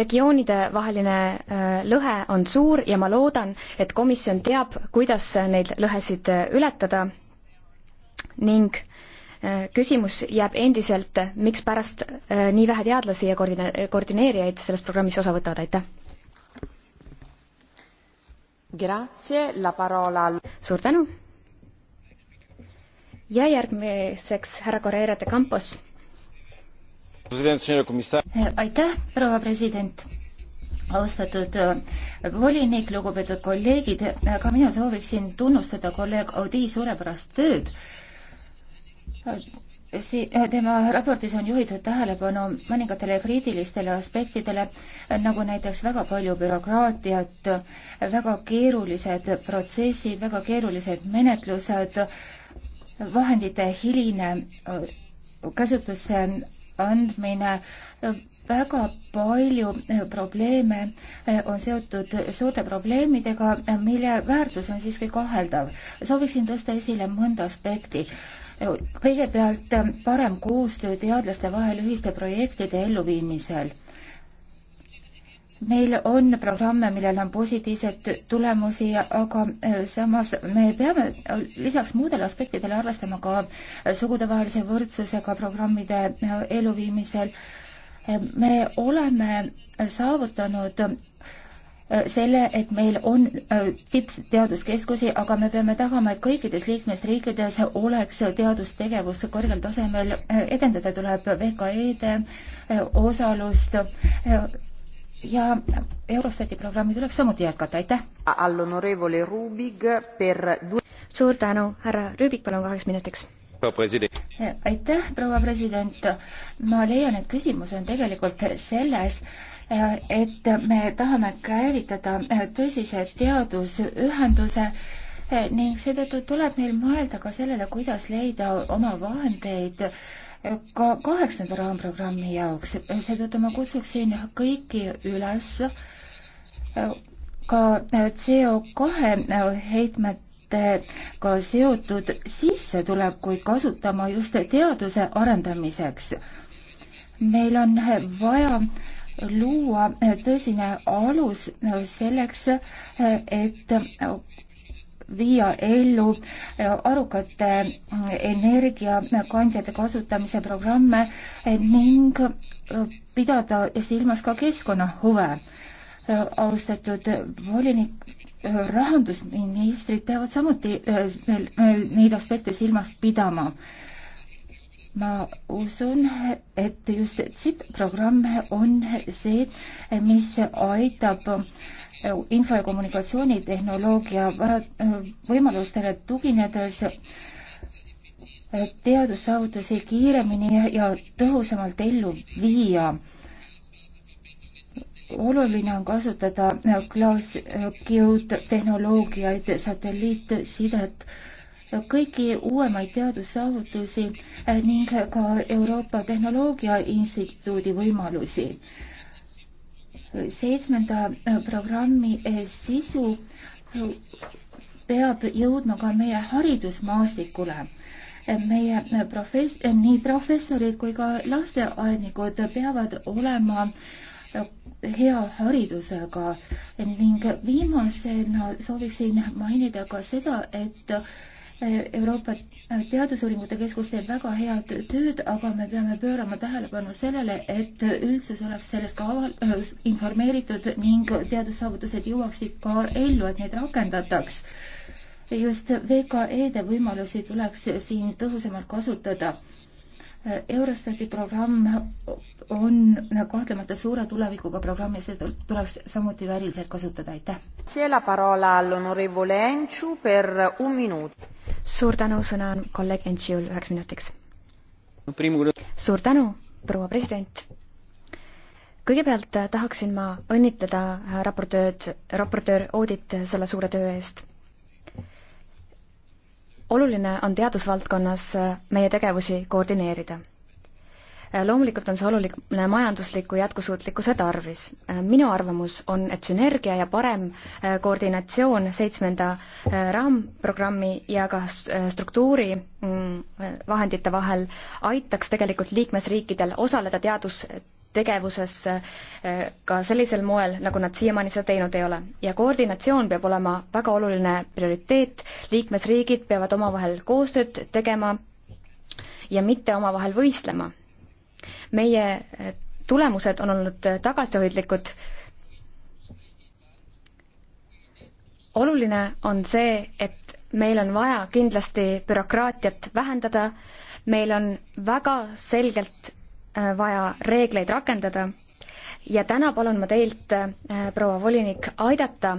regioonide vaheline äh, lõhe on suur ja ma loodan, et komisjon teab, kuidas neid lõhesid äh, ületada ning küsimus jääb endiselt, mikspärast äh, nii vähe teadlasi ja koordine-, koordineerijaid sellest programmist osa võtavad, aitäh! suur tänu! ja järgmiseks härra Correira de Campos. Äh, aitäh, proua president! austatud äh, volinik, lugupeetud kolleegid, ka mina sooviksin tunnustada kolleeg Audi suurepärast tööd see, äh, tema raportis on juhitud tähelepanu mõningatele kriitilistele aspektidele, äh, nagu näiteks väga palju bürokraatiat, äh, väga keerulised protsessid, väga keerulised menetlused, vahendite hiline kasutusse andmine, väga palju probleeme on seotud suurte probleemidega, mille väärtus on siiski kaheldav. sooviksin tõsta esile mõnda aspekti kõigepealt äh, parem koostöö teadlaste vahel ühiste projektide elluviimisel. meil on programme, millel on positiivseid tulemusi, aga äh, samas me peame lisaks muudele aspektidele arvestama ka äh, sugudevahelise võrdsusega programmide elluviimisel. me oleme saavutanud Äh, selle, et meil on äh, tippteaduskeskusi, aga me peame tagama, et kõikides liikmesriikides oleks teadustegevus kõrgel tasemel, äh, edendada tuleb VKE-de osalust ja Eurostati programmi tuleb samuti jätkata, aitäh! suur tänu, härra Rüübik, palun kaheks minutiks aitäh, proua president. ma leian, et küsimus on tegelikult selles, et me tahame käivitada äh, tõsise teadusühenduse äh, ning seetõttu tuleb meil mõelda ka sellele, kuidas leida oma vahendeid äh, ka kaheksanda raamprogrammi jaoks. seetõttu ma kutsuksin kõiki üles ka CO kahe heitmed ka seotud sissetulekuid kasutama just teaduse arendamiseks. meil on vaja äh, luua eh, tõsine alus eh, selleks, eh, et viia ellu arukate energiakandjate kasutamise programme ning pidada silmas ka keskkonnahuve. austatud volinik, rahandusministrid peavad samuti neid aspekte silmas pidama ma usun, et just SIP-programm on see, mis aitab info- ja kommunikatsioonitehnoloogia võimalustele tuginedes teadussaavutusi kiiremini ja tõhusamalt ellu viia. oluline on kasutada klaaskiud tehnoloogiaid, satelliitsidet kõiki uuemaid teadussaavutusi eh, ning ka Euroopa Tehnoloogia Instituudi võimalusi. seitsmenda eh, programmi eh, sisu peab jõudma ka meie haridusmaastikule meie profess-, nii professorid kui ka lasteaednikud peavad olema hea haridusega ning viimasena sooviksin mainida ka seda, et Euroopa Teadusuuringute Keskus teeb väga head tööd, aga me peame pöörama tähelepanu sellele, et üldsus oleks sellest ka aval-, informeeritud ning teadussaavutused jõuaksid ka ellu, et neid rakendataks. just VKE-de võimalusi tuleks siin tõhusamalt kasutada Eurostati programm on nagu kahtlemata suure tulevikuga programm ja seda tuleks samuti vääriliselt kasutada, aitäh! suur tänu, sõna on kolleeg Entšiul üheks minutiks. suur tänu, proua president! kõigepealt tahaksin ma õnnitleda raportööd, raportöör Oodit selle suure töö eest oluline on teadusvaldkonnas äh, meie tegevusi koordineerida. Äh, loomulikult on see oluline majandusliku jätkusuutlikkuse tarvis. Äh, minu arvamus on, et sünergia ja parem koordinatsioon seitsmenda raamprogrammi ja ka struktuuri mm, vahendite vahel aitaks tegelikult liikmesriikidel osaleda teadus tegevusesse eh, ka sellisel moel, nagu nad siiamaani seda teinud ei ole. ja koordinatsioon peab olema väga oluline prioriteet, liikmesriigid peavad omavahel koostööd tegema ja mitte omavahel võistlema. meie eh, tulemused on olnud tagasihoidlikud, oluline on see, et meil on vaja kindlasti bürokraatiat vähendada, meil on väga selgelt Äh, vaja reegleid rakendada ja täna palun ma teilt, äh, proua volinik, aidata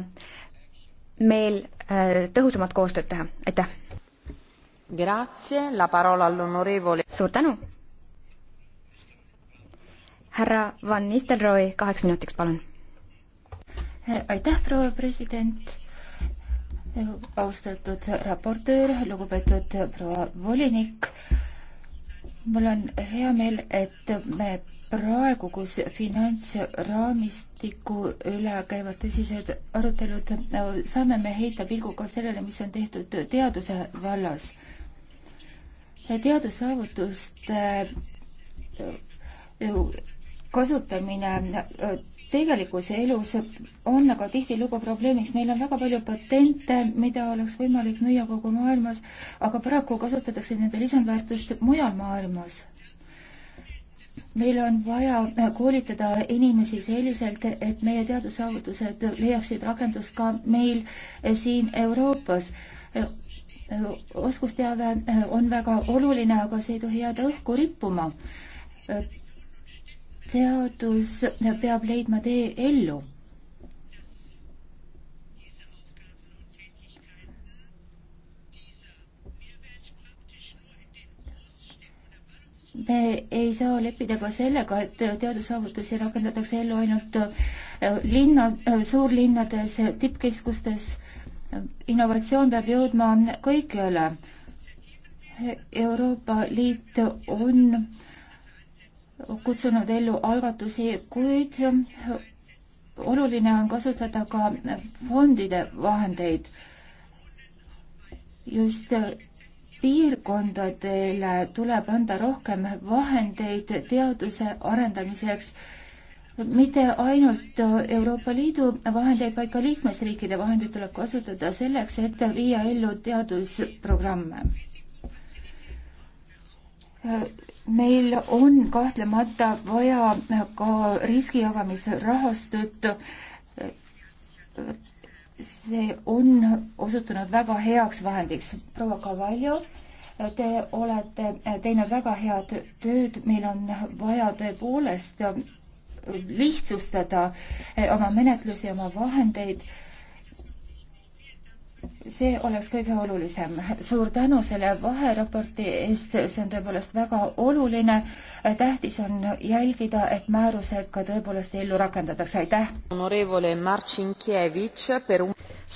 meil äh, tõhusamat koostööd teha, aitäh! suur tänu! härra Van Nistelrooy, kaheks minutiks, palun! aitäh, proua president! austatud raportöör, lugupeetud proua volinik, mul on hea meel, et me praegu, kus finantsraamistiku üle käivad tõsised arutelud, saame me heita pilgu ka sellele, mis on tehtud teaduse vallas. teadussaavutuste kasutamine äh, tegelikus elus on aga tihtilugu probleemiks. meil on väga palju patente, mida oleks võimalik müüa kogu maailmas, aga paraku kasutatakse nende lisandväärtust mujal maailmas. meil on vaja äh, koolitada inimesi selliselt, et meie teadussaavutused leiaksid rakendust ka meil äh, siin Euroopas oskusteave on väga oluline, aga see ei tohi jääda õhku rippuma teadus peab leidma tee ellu. me ei saa leppida ka sellega, et teadussaavutusi rakendatakse ellu ainult äh, linna, äh, suurlinnades, tippkeskustes. innovatsioon peab jõudma kõikjale. Euroopa Liit on äh, kutsunud ellu algatusi, kuid oluline on kasutada ka fondide vahendeid. just piirkondadele tuleb anda rohkem vahendeid teaduse arendamiseks, mitte ainult Euroopa Liidu vahendeid, vaid ka liikmesriikide vahendeid tuleb kasutada selleks, et viia ellu teadusprogramme meil on kahtlemata vaja ka riskijagamisrahastut. see on osutunud väga heaks vahendiks. proua Cavallo, te olete teinud väga head tööd, meil on vaja tõepoolest lihtsustada oma menetlusi, oma vahendeid see oleks kõige olulisem. suur tänu selle vaheraporti eest, see on tõepoolest väga oluline. tähtis on jälgida, et määrused ka tõepoolest ellu rakendatakse, aitäh!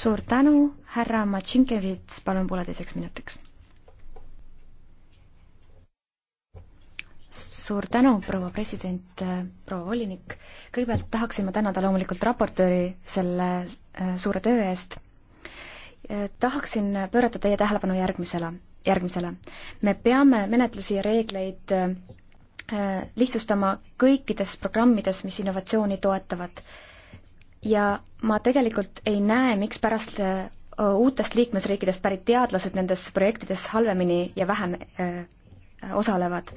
suur tänu, härra Martšinkevits, palun pooleteiseks minutiks. suur tänu, proua president, proua volinik. kõigepealt tahaksin ma tänada loomulikult raportööri selle äh, suure töö eest Eh, tahaksin pöörata teie tähelepanu järgmisele, järgmisele. me peame menetlusi ja reegleid eh, lihtsustama kõikides programmides, mis innovatsiooni toetavad. ja ma tegelikult ei näe, mikspärast eh, uutest liikmesriikidest pärit teadlased nendes projektides halvemini ja vähem osalevad.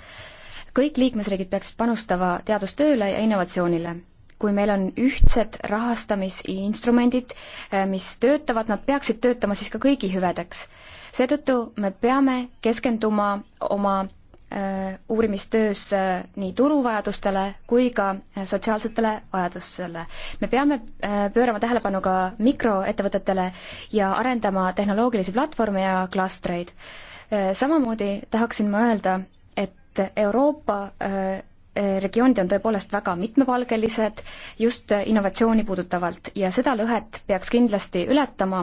kõik liikmesriigid peaksid panustama teadustööle ja innovatsioonile kui meil on ühtsed rahastamisinstrumendid, eh, mis töötavad, nad peaksid töötama siis ka kõigi hüvedeks. seetõttu me peame keskenduma oma äh, uurimistöös äh, nii turuvajadustele kui ka sotsiaalsetele vajadustele. me peame äh, pöörama tähelepanu ka mikroettevõtetele ja arendama tehnoloogilisi platvorme ja klastreid. samamoodi tahaksin ma öelda, et Euroopa Eh, regioonid on tõepoolest väga mitmepalgelised just eh, innovatsiooni puudutavalt ja seda lõhet peaks kindlasti ületama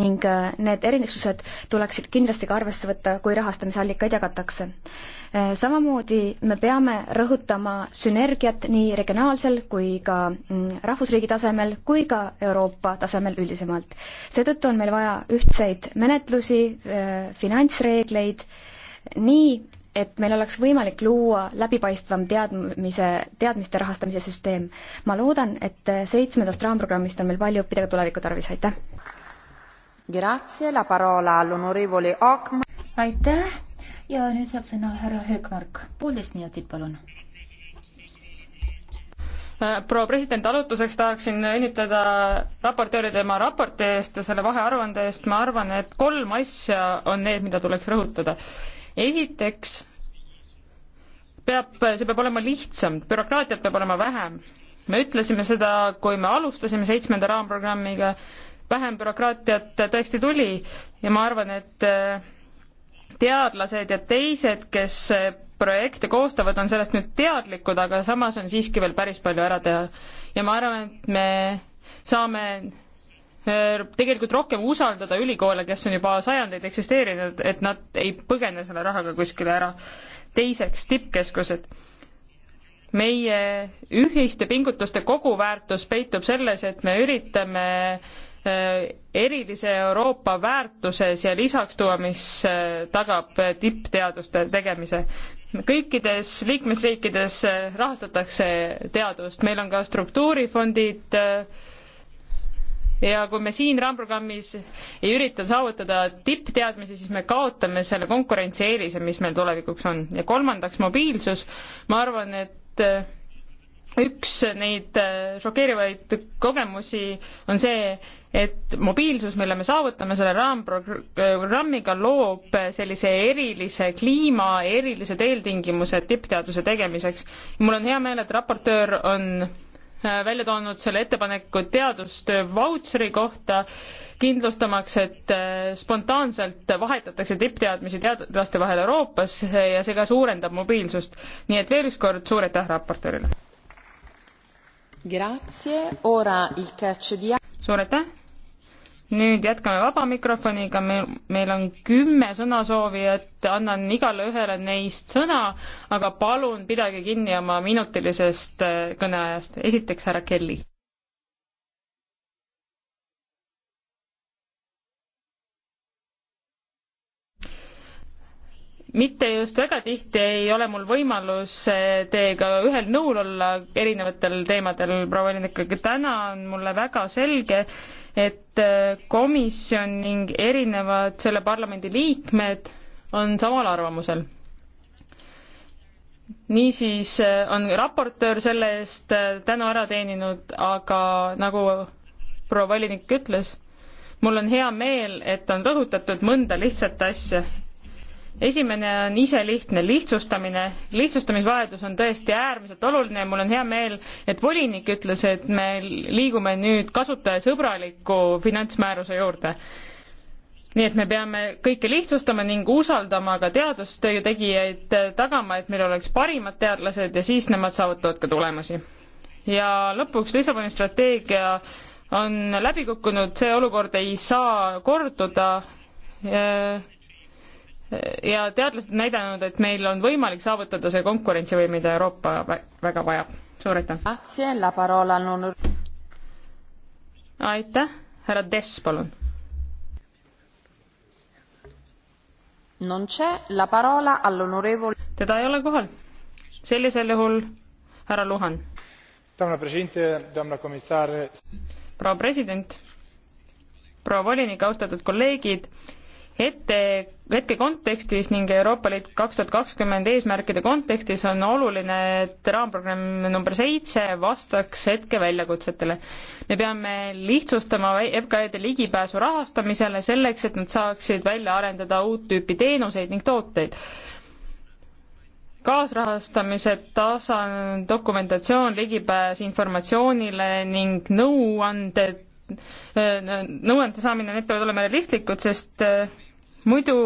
ning eh, need erisused tuleksid kindlasti ka arvesse võtta, kui rahastamisallikaid jagatakse. samamoodi me peame rõhutama sünergiat nii regionaalsel kui ka mm, rahvusriigi tasemel kui ka Euroopa tasemel üldisemalt. seetõttu on meil vaja ühtseid menetlusi, finantsreegleid, nii et meil oleks võimalik luua läbipaistvam teadmise, teadmiste rahastamise süsteem. ma loodan, et seitsmendast raamprogrammist on meil palju õppida ka tuleviku tarvis, aitäh! aitäh ja nüüd saab sõna härra Höökmark, poolteist minutit, palun äh, proua president, alutuseks tahaksin õnnitleda raportööri tema raporti eest ja selle vahearuande eest, ma arvan, et kolm asja on need, mida tuleks rõhutada esiteks peab, see peab olema lihtsam, bürokraatiat peab olema vähem. me ütlesime seda, kui me alustasime seitsmenda raamprogrammiga, vähem bürokraatiat tõesti tuli ja ma arvan, et äh, teadlased ja teised, kes äh, projekte koostavad, on sellest nüüd teadlikud, aga samas on siiski veel päris palju ära teha. ja ma arvan, et me saame Äh, tegelikult rohkem usaldada ülikoole, kes on juba sajandeid eksisteerinud, et nad ei põgene selle rahaga kuskile ära. teiseks, tippkeskused. meie ühiste pingutuste koguväärtus peitub selles, et me üritame äh, erilise Euroopa väärtuses ja lisaks tuua, mis äh, tagab tippteaduste tegemise. kõikides liikmesriikides rahastatakse teadust, meil on ka struktuurifondid äh,, ja kui me siin raamprogrammis ei ürita saavutada tippteadmisi, siis me kaotame selle konkurentsieelise, mis meil tulevikuks on. ja kolmandaks, mobiilsus, ma arvan, et äh, üks neid äh, šokeerivaid kogemusi on see, et mobiilsus, mille me saavutame selle raamprogrammiga, äh, loob sellise erilise kliima, erilised eeltingimused tippteaduse tegemiseks. mul on hea meel, et raportöör on Äh, välja toonud selle ettepaneku teadustöö vautšeri kohta, kindlustamaks, et äh, spontaanselt vahetatakse tippteadmisi teadlaste vahel Euroopas äh, ja see ka suurendab mobiilsust. nii et veel üks kord suur aitäh raportöörile! suur aitäh! nüüd jätkame vaba mikrofoniga, meil, meil on kümme sõnasoovijat, annan igale ühele neist sõna, aga palun pidage kinni oma minutilisest äh, kõneajast. esiteks härra Kelly. mitte just väga tihti ei ole mul võimalus äh, teiega ühel nõul olla erinevatel teemadel, proua Elinek, aga täna on mulle väga selge, et äh, komisjon ning erinevad selle parlamendi liikmed on samal arvamusel. niisiis äh, on raportöör selle eest äh, tänu ära teeninud, aga nagu proua volinik ütles, mul on hea meel, et on rõhutatud mõnda lihtsat asja, esimene on ise lihtne, lihtsustamine. lihtsustamisvajadus on tõesti äärmiselt oluline ja mul on hea meel, et volinik ütles, et me liigume nüüd kasutajasõbraliku finantsmääruse juurde. nii et me peame kõike lihtsustama ning usaldama ka teadustöö tegijaid, tagama, et meil oleks parimad teadlased ja siis nemad saavutavad ka tulemusi. ja lõpuks Lissaboni strateegia on läbi kukkunud, see olukord ei saa korduda ja ja teadlased on näidanud, et meil on võimalik saavutada see konkurentsivõi, mida Euroopa väga vajab. suur aitäh! aitäh, härra Dess, palun! teda ei ole kohal. sellisel juhul härra Luhan. proua president, proua volinik, austatud kolleegid ette, hetke kontekstis ning Euroopa Liit kaks tuhat kakskümmend eesmärkide kontekstis on oluline, et raamprogramm number seitse vastaks hetke väljakutsetele. me peame lihtsustama FKE-de ligipääsu rahastamisele selleks, et nad saaksid välja arendada uut tüüpi teenuseid ning tooteid kaasrahastamise tasand, dokumentatsioon, ligipääs informatsioonile ning nõuanded nõuande saamine, need peavad olema realistlikud, sest muidu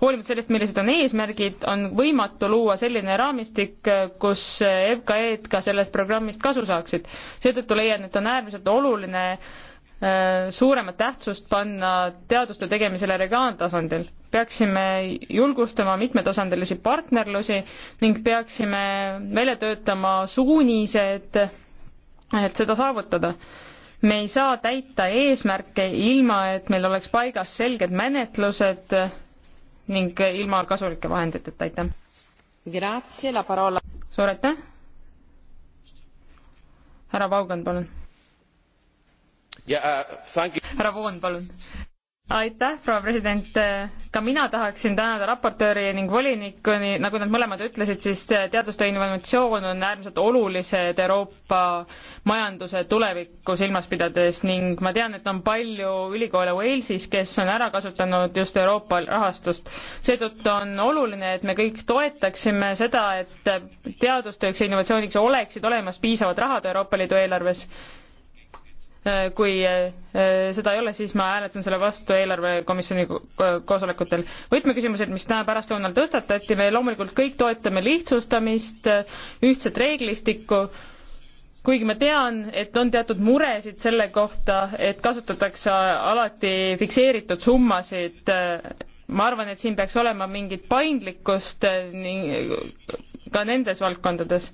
hoolimata sellest, millised on eesmärgid, on võimatu luua selline raamistik, kus FKE-d ka sellest programmist kasu saaksid. seetõttu leian, et on äärmiselt oluline äh, suuremat tähtsust panna teaduste tegemisele regionaaltasandil. peaksime julgustama mitmetasandilisi partnerlusi ning peaksime välja töötama suunised, et seda saavutada me ei saa täita eesmärke ilma, et meil oleks paigas selged menetlused ning ilma kasulike vahenditeta, aitäh. suur aitäh. härra Vaugand, palun. Uh, härra Voon, palun aitäh, proua president. ka mina tahaksin tänada raportööri ning volinikku, nagu nad mõlemad ütlesid, siis teadustöö innovatsioon on äärmiselt olulised Euroopa majanduse tulevikku silmas pidades ning ma tean, et on palju ülikoole Walesis, kes on ära kasutanud just Euroopa rahastust. seetõttu on oluline, et me kõik toetaksime seda, et teadustööks ja innovatsiooniks oleksid olemas piisavad rahad Euroopa Liidu eelarves Äh, kui äh, seda ei ole, siis ma hääletan selle vastu eelarvekomisjoni koosolekutel. võtmeküsimused, mis täna pärastlõunal tõstatati, me loomulikult kõik toetame lihtsustamist, ühtset reeglistikku, kuigi ma tean, et on teatud muresid selle kohta, et kasutatakse alati fikseeritud summasid. ma arvan, et siin peaks olema mingit paindlikkust äh, ka nendes valdkondades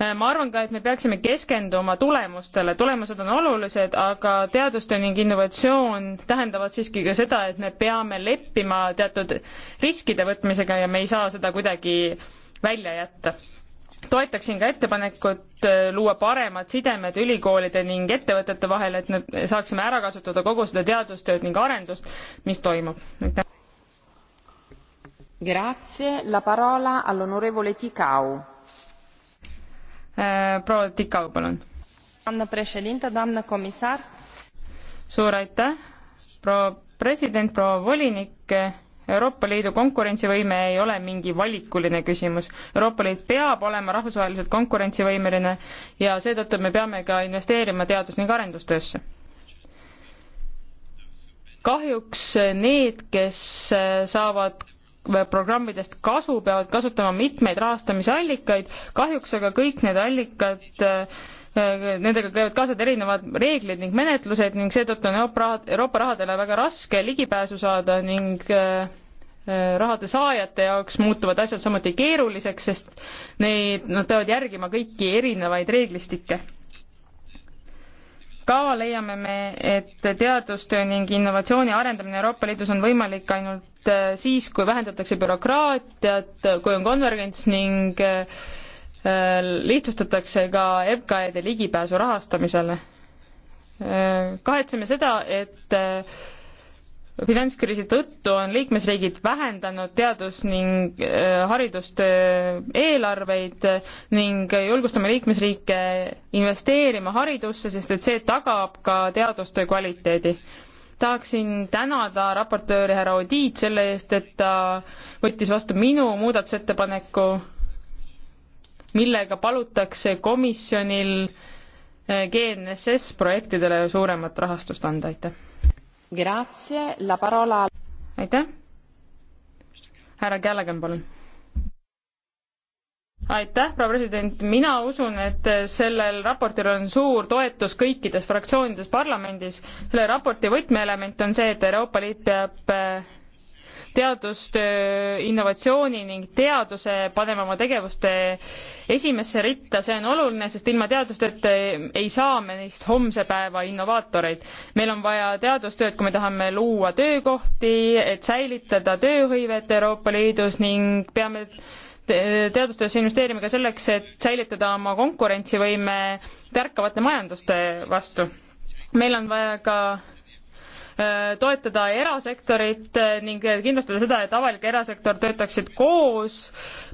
Äh, ma arvan ka, et me peaksime keskenduma tulemustele, tulemused on olulised, aga teadustöö ning innovatsioon tähendavad siiski ka seda, et me peame leppima teatud riskide võtmisega ja me ei saa seda kuidagi välja jätta toetaksin ka ettepanekut äh, luua paremad sidemed ülikoolide ning ettevõtete vahel, et me saaksime ära kasutada kogu seda teadustööd ning arendust, mis toimub. aitäh. Grazie, la parola all'onorevole Ticau Äh, proua Tikau, palun. suur aitäh, proua president, proua volinik Euroopa Liidu konkurentsivõime ei ole mingi valikuline küsimus. Euroopa Liit peab olema rahvusvaheliselt konkurentsivõimeline ja seetõttu me peame ka investeerima teadus- ning arendustöösse. kahjuks need, kes saavad programmidest kasu, peavad kasutama mitmeid rahastamisallikaid, kahjuks aga kõik need allikad äh, äh, Nendega käivad kaasas erinevad reeglid ning menetlused ning seetõttu on Euroopa rahadele väga raske ligipääsu saada ning äh, rahade saajate jaoks muutuvad asjad samuti keeruliseks, sest neid, nad peavad järgima kõiki erinevaid reeglistikke ka leiame me, et teadustöö ning innovatsiooni arendamine Euroopa Liidus on võimalik ainult äh, siis, kui vähendatakse bürokraatiat, kui on konvergents ning äh, lihtsustatakse ka EBKE-de ligipääsu rahastamisele. Äh, kahetseme seda, et finantskriisi tõttu on liikmesriigid vähendanud teadus- ning äh, haridustöö äh, eelarveid ning julgustame liikmesriike investeerima haridusse, sest et see tagab ka teadustöö kvaliteedi. tahaksin tänada raportööri härra Odiit selle eest, et ta võttis vastu minu muudatusettepaneku, millega palutakse komisjonil äh, GNSS projektidele suuremat rahastust anda, aitäh! Parola... aitäh. härra Gallagher, palun. aitäh, proua president, mina usun, et sellel raportil on suur toetus kõikides fraktsioonides parlamendis. selle raporti võtmeelement on see, et Euroopa Liit peab teadustöö, äh, innovatsiooni ning teaduse paneme oma tegevuste esimesse ritta, see on oluline, sest ilma teadusteta ei saa me neist homse päeva innovaatoreid. meil on vaja teadustööd, kui me tahame luua töökohti, et säilitada tööhõivet Euroopa Liidus ning peame teadustöösse investeerime ka selleks, et säilitada oma konkurentsivõime tärkavate majanduste vastu. meil on vaja ka Äh, toetada erasektorit äh, ning äh, kindlustada seda, et avalik ja erasektor töötaksid koos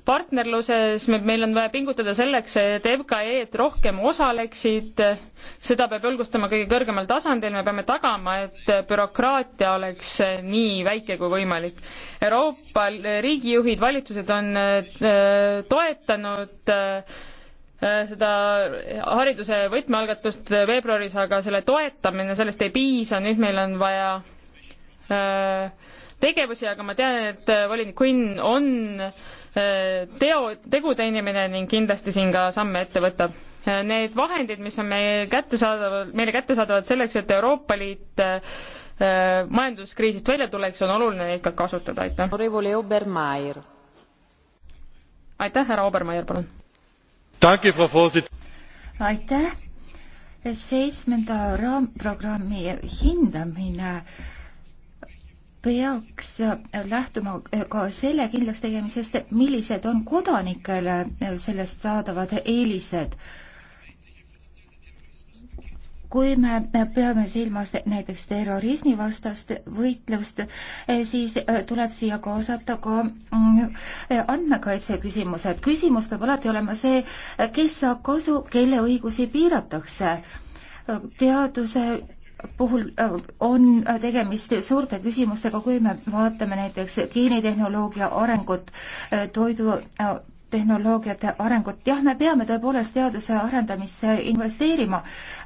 partnerluses, meil on vaja pingutada selleks, et FKE-d rohkem osaleksid, seda peab julgustama kõige kõrgemal tasandil, me peame tagama, et bürokraatia oleks nii väike kui võimalik. Euroopa riigijuhid, valitsused on toetanud Äh, seda hariduse võtmealgatust veebruaris, aga selle toetamine, sellest ei piisa, nüüd meil on vaja äh, tegevusi, aga ma tean, et äh, volinik Quinn on teo, tegude inimene ning kindlasti siin ka samme ette võtab. Need vahendid, mis on meie kättesaadavad, meile kättesaadavad selleks, et Euroopa Liit majanduskriisist välja tuleks, on oluline neid ka kasutada, aitäh. aitäh, härra Obermeier, palun aitäh. seitsmenda raamprogrammi hindamine peaks lähtuma ka selle kindlaks tegemisest, millised on kodanikele sellest saadavad eelised kui me peame silmas näiteks terrorismivastast võitlust, eh, siis eh, tuleb siia kaasata ka mm, andmekaitse küsimused. küsimus peab alati olema see, kes saab kasu, kelle õigusi piiratakse. teaduse puhul eh, on tegemist suurte küsimustega, kui me vaatame näiteks geenitehnoloogia arengut, toidu tehnoloogiate arengut. jah, me peame tõepoolest teaduse arendamisse investeerima,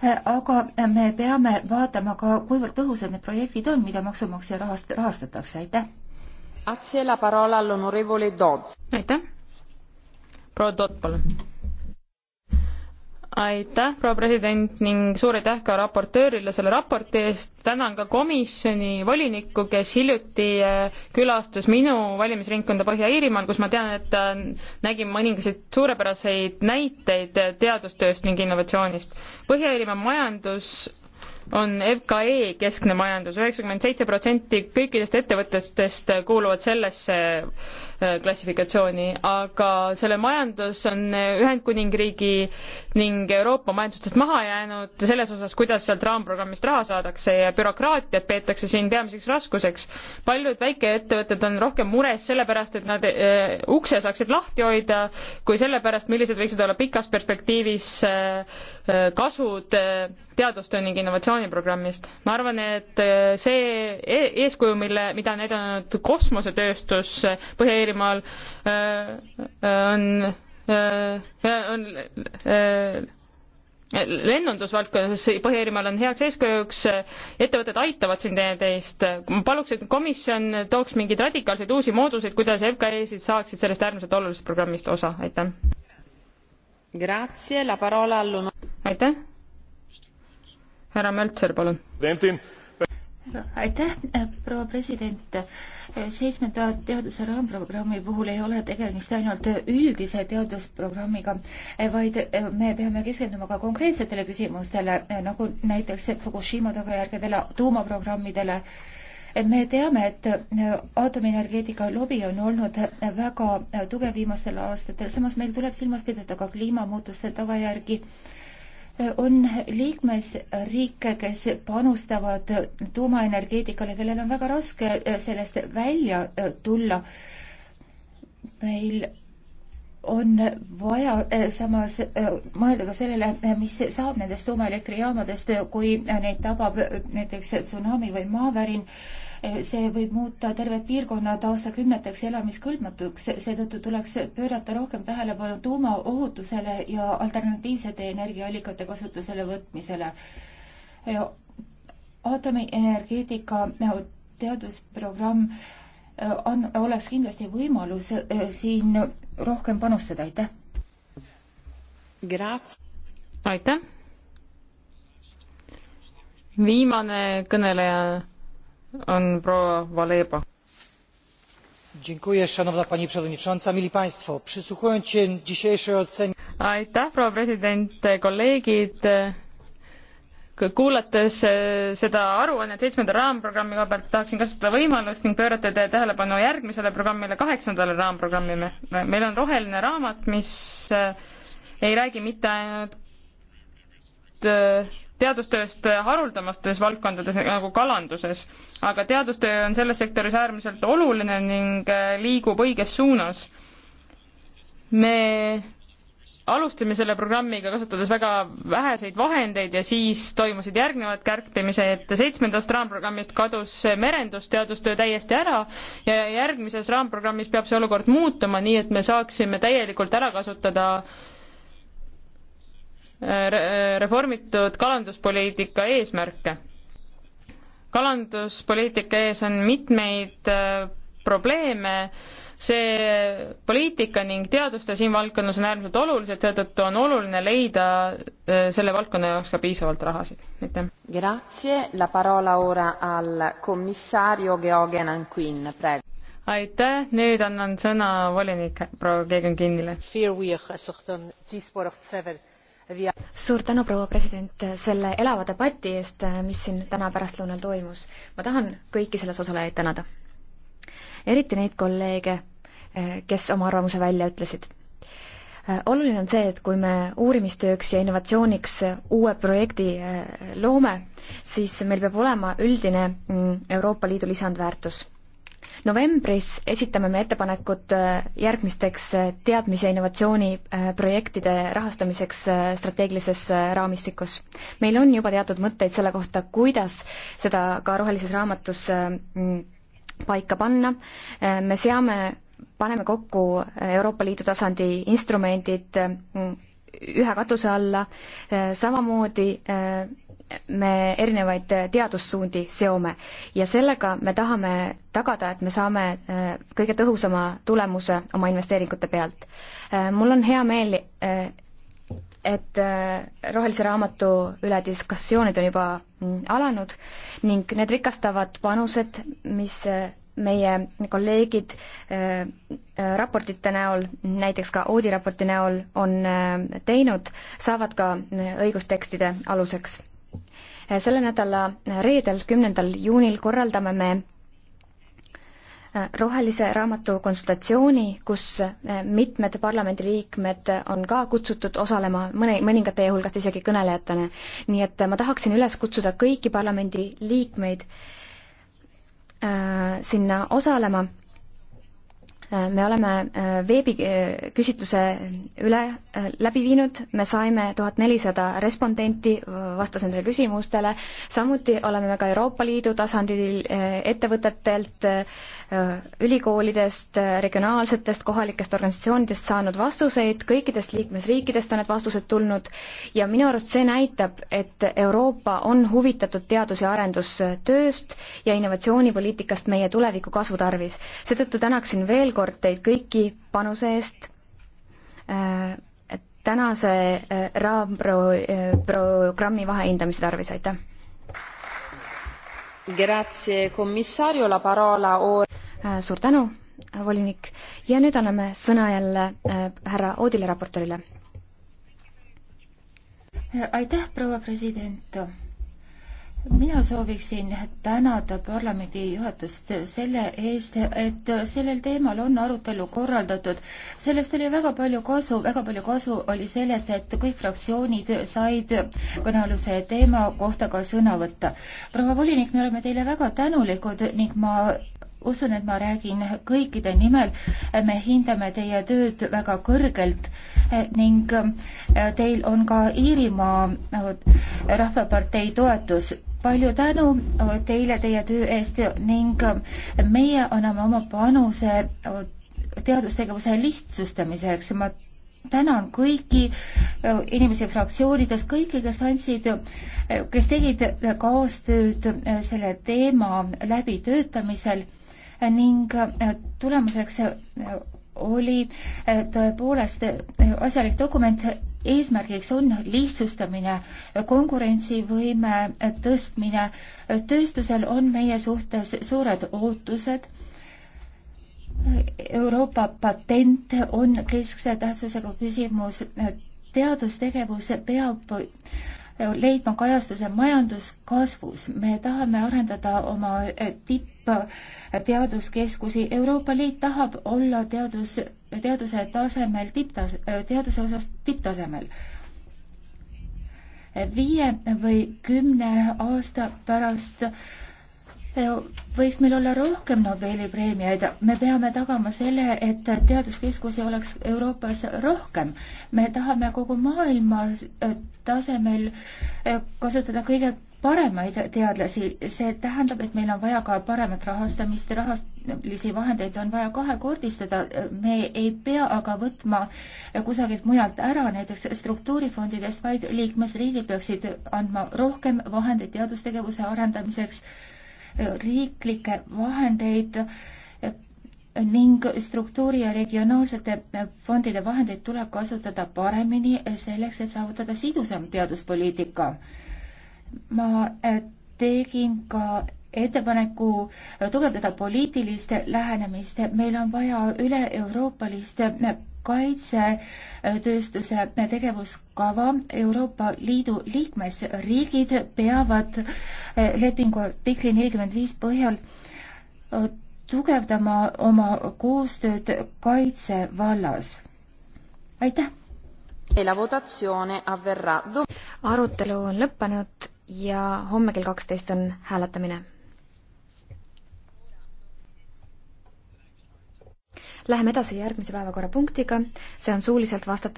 äh, aga me peame vaatama ka, kuivõrd tõhusad need projektid on, mida maksumaksja rahast, rahastatakse, aitäh. aitäh. proua Toot, palun aitäh, proua president ning suur aitäh ka raportöörile selle raporti eest. tänan ka komisjoni volinikku, kes hiljuti äh, külastas minu valimisringkonda Põhja-Iirimaal, kus ma tean, et äh, nägin mõningaid suurepäraseid näiteid äh, teadustööst ning innovatsioonist. Põhja-Iirimaa majandus on FKE keskne majandus, üheksakümmend seitse protsenti kõikidest ettevõtetest kuuluvad sellesse Äh, klassifikatsiooni, aga selle majandus on Ühendkuningriigi ning Euroopa majandustest maha jäänud selles osas, kuidas sealt raamprogrammist raha saadakse ja bürokraatiat peetakse siin peamiseks raskuseks. paljud väikeettevõtted on rohkem mures sellepärast, et nad äh, ukse saaksid lahti hoida, kui sellepärast, millised võiksid olla pikas perspektiivis äh, kasud äh, teadustöö ning innovatsiooniprogrammist. ma arvan, et äh, see e-, eeskuju, mille, mida on edendanud kosmosetööstus äh, Põhja-Iirimaal, on, on lennundusvaldkonnas Põhja-Iirimaal on heaks eeskujuks, ettevõtted aitavad siin teineteist. ma paluks, et komisjon tooks mingeid radikaalseid uusi mooduseid, kuidas MKE-sid saaksid sellest äärmiselt olulisest programmist osa, aitäh. Grazie, la parola all'on- aitäh. härra Möltser, palun. aitäh, proua president. seitsmenda teaduse raamprogrammi puhul ei ole tegemist ainult üldise teadusprogrammiga, vaid me peame keskenduma ka konkreetsetele küsimustele, nagu näiteks Fukushima tagajärgedele, tuumaprogrammidele me teame, et aatomienergeetika lobi on olnud väga tugev viimastel aastatel, samas meil tuleb silmas pidada ka kliimamuutuste tagajärgi on liikmesriike, kes panustavad tuumaenergeetikale, kellel on väga raske äh, sellest välja äh, tulla. meil on vaja äh, samas mõelda ka sellele, mis saab nendest tuumaelektrijaamadest, kui neid tabab näiteks tsunami või maavärin see võib muuta terved piirkonnad aastakümneteks elamiskõlbmatuks, seetõttu tuleks pöörata rohkem tähelepanu tuumaohutusele ja alternatiivsete energiaallikate kasutusele võtmisele. E, aatomienergeetika e, teadusprogramm e, on, oleks kindlasti võimalus siin rohkem panustada, aitäh! aitäh! viimane kõneleja on proua Valeba. przysłuchując się dzisiejszej ocenie. aitäh, proua president, kolleegid kuulates e, seda aruannet seitsmenda raamprogrammi koha pealt tahaksin kasutada võimalust ning pöörata teie tähelepanu järgmisele programmile, kaheksandale raamprogrammile. meil on roheline raamat, mis e, ei räägi mitte ainult e, teadustööst haruldamates valdkondades nagu kalanduses, aga teadustöö on selles sektoris äärmiselt oluline ning äh, liigub õiges suunas. me alustasime selle programmiga kasutades väga väheseid vahendeid ja siis toimusid järgnevad kärpimised, seitsmendast raamprogrammist kadus merendusteadustöö täiesti ära ja järgmises raamprogrammis peab see olukord muutuma, nii et me saaksime täielikult ära kasutada äh, reformitud kalanduspoliitika eesmärke. kalanduspoliitika ees on mitmeid äh, probleeme, see poliitika ning teadustöö siin valdkonnas on äärmiselt olulised, seetõttu on oluline leida äh, selle valdkonna jaoks ka piisavalt rahasid, aitäh. Grazie, la parola ora al commissario Georg Enanquin, praegu. aitäh, nüüd annan sõna volinik proua Keegan Kinnile suur tänu, proua president, selle elava debati eest, mis siin täna pärastlõunal toimus. ma tahan kõiki selles osalejaid tänada. eriti neid kolleege, kes oma arvamuse välja ütlesid. oluline on see, et kui me uurimistööks ja innovatsiooniks uue projekti eh, loome, siis meil peab olema üldine mm, Euroopa Liidu lisandväärtus novembris esitame me ettepanekud äh, järgmisteks äh, teadmise ja innovatsiooni projektide äh, rahastamiseks strateegilises raamistikus. meil on juba teatud mõtteid selle kohta, kuidas seda ka rohelises raamatus mm, paika panna, me seame, paneme kokku Euroopa Liidu tasandi instrumendid mm, ühe katuse alla, samamoodi me erinevaid äh, teadussuundi seome ja sellega me tahame tagada, et me saame äh, kõige tõhusama tulemuse oma investeeringute pealt. Äh, mul on hea meel, et rohelise raamatu üle diskussioonid on juba mm, alanud ning need rikastavad panused, mis meie kolleegid äh, raportite näol, näiteks ka Oodi raporti näol on äh, teinud, saavad ka õigustekstide aluseks selle nädala reedel, kümnendal juunil korraldame me äh, rohelise raamatu konsultatsiooni, kus äh, mitmed parlamendiliikmed on ka kutsutud osalema, mõne, mõningate hulgast isegi kõnelejatena. nii et ma tahaksin üles kutsuda kõiki parlamendiliikmeid äh, sinna osalema Äh, me oleme äh, veebiküsitluse äh, üle läbi viinud, me saime tuhat nelisada respondenti, vastas nendele küsimustele, samuti oleme me ka Euroopa Liidu tasandil ettevõtetelt, ülikoolidest, regionaalsetest, kohalikest organisatsioonidest saanud vastuseid, kõikidest liikmesriikidest on need vastused tulnud ja minu arust see näitab, et Euroopa on huvitatud teadus- ja arendustööst ja innovatsioonipoliitikast meie tuleviku kasvu tarvis. seetõttu tänaksin veel kord kord teid kõiki panuse eest äh, tänase äh, raamprogrammi äh, pro, vahehindamise tarvis, aitäh! suur tänu, volinik, ja nüüd anname sõna jälle härra Oodile, raportorile. aitäh, proua president! mina sooviksin tänada parlamendi juhatust selle eest, et sellel teemal on arutelu korraldatud. sellest oli väga palju kasu, väga palju kasu oli sellest, et kõik fraktsioonid said kõnealuse teema kohta ka sõna võtta. proua volinik, me oleme teile väga tänulikud ning ma usun, et ma räägin kõikide nimel. me hindame teie tööd väga kõrgelt ning äh, teil on ka Iirimaa äh, Rahvapartei toetus. palju tänu äh, teile teie töö eest ning meie anname oma panuse teadustegevuse lihtsustamiseks. ma tänan kõiki inimesi fraktsioonides, kõiki, kes andsid, kes tegid kaastööd selle teema läbitöötamisel ning äh, tulemuseks äh, oli äh, tõepoolest asjalik dokument, eesmärgiks on lihtsustamine, konkurentsivõime tõstmine, tööstusel on meie suhtes suured ootused, Euroopa patent on keskse tähtsusega küsimus, teadustegevus peab leidma kajastuse majanduskasvus. me tahame arendada oma eh, tippteaduskeskusi. Euroopa Liit tahab olla teadus, teaduse tasemel tipptas-, eh, teaduse osas tipptasemel. viie või kümne aasta pärast võiks meil olla rohkem Nobeli preemiaid, me peame tagama selle, et teaduskeskusi oleks Euroopas rohkem. me tahame kogu maailma äh, tasemel äh, kasutada kõige paremaid teadlasi, see tähendab, et meil on vaja ka paremat rahastamist, rahalisi vahendeid on vaja kahekordistada, me ei pea aga võtma kusagilt mujalt ära, näiteks struktuurifondidest, vaid liikmesriigid peaksid andma rohkem vahendeid teadustegevuse arendamiseks riiklikke vahendeid ning struktuuri ja regionaalsete fondide vahendeid tuleb kasutada paremini selleks, et saavutada sidusam teaduspoliitika. ma äh, tegin ka ettepaneku tugevdada poliitilist lähenemist, meil on vaja üle-euroopalist kaitsetööstuse tegevuskava Euroopa Liidu liikmesriigid peavad eh, lepingu artikli nelikümmend viis põhjal eh, tugevdama oma koostööd kaitse vallas. aitäh! E arutelu on lõppenud ja homme kell kaksteist on hääletamine Läheme edasi järgmise päevakorrapunktiga, see on suuliselt vastata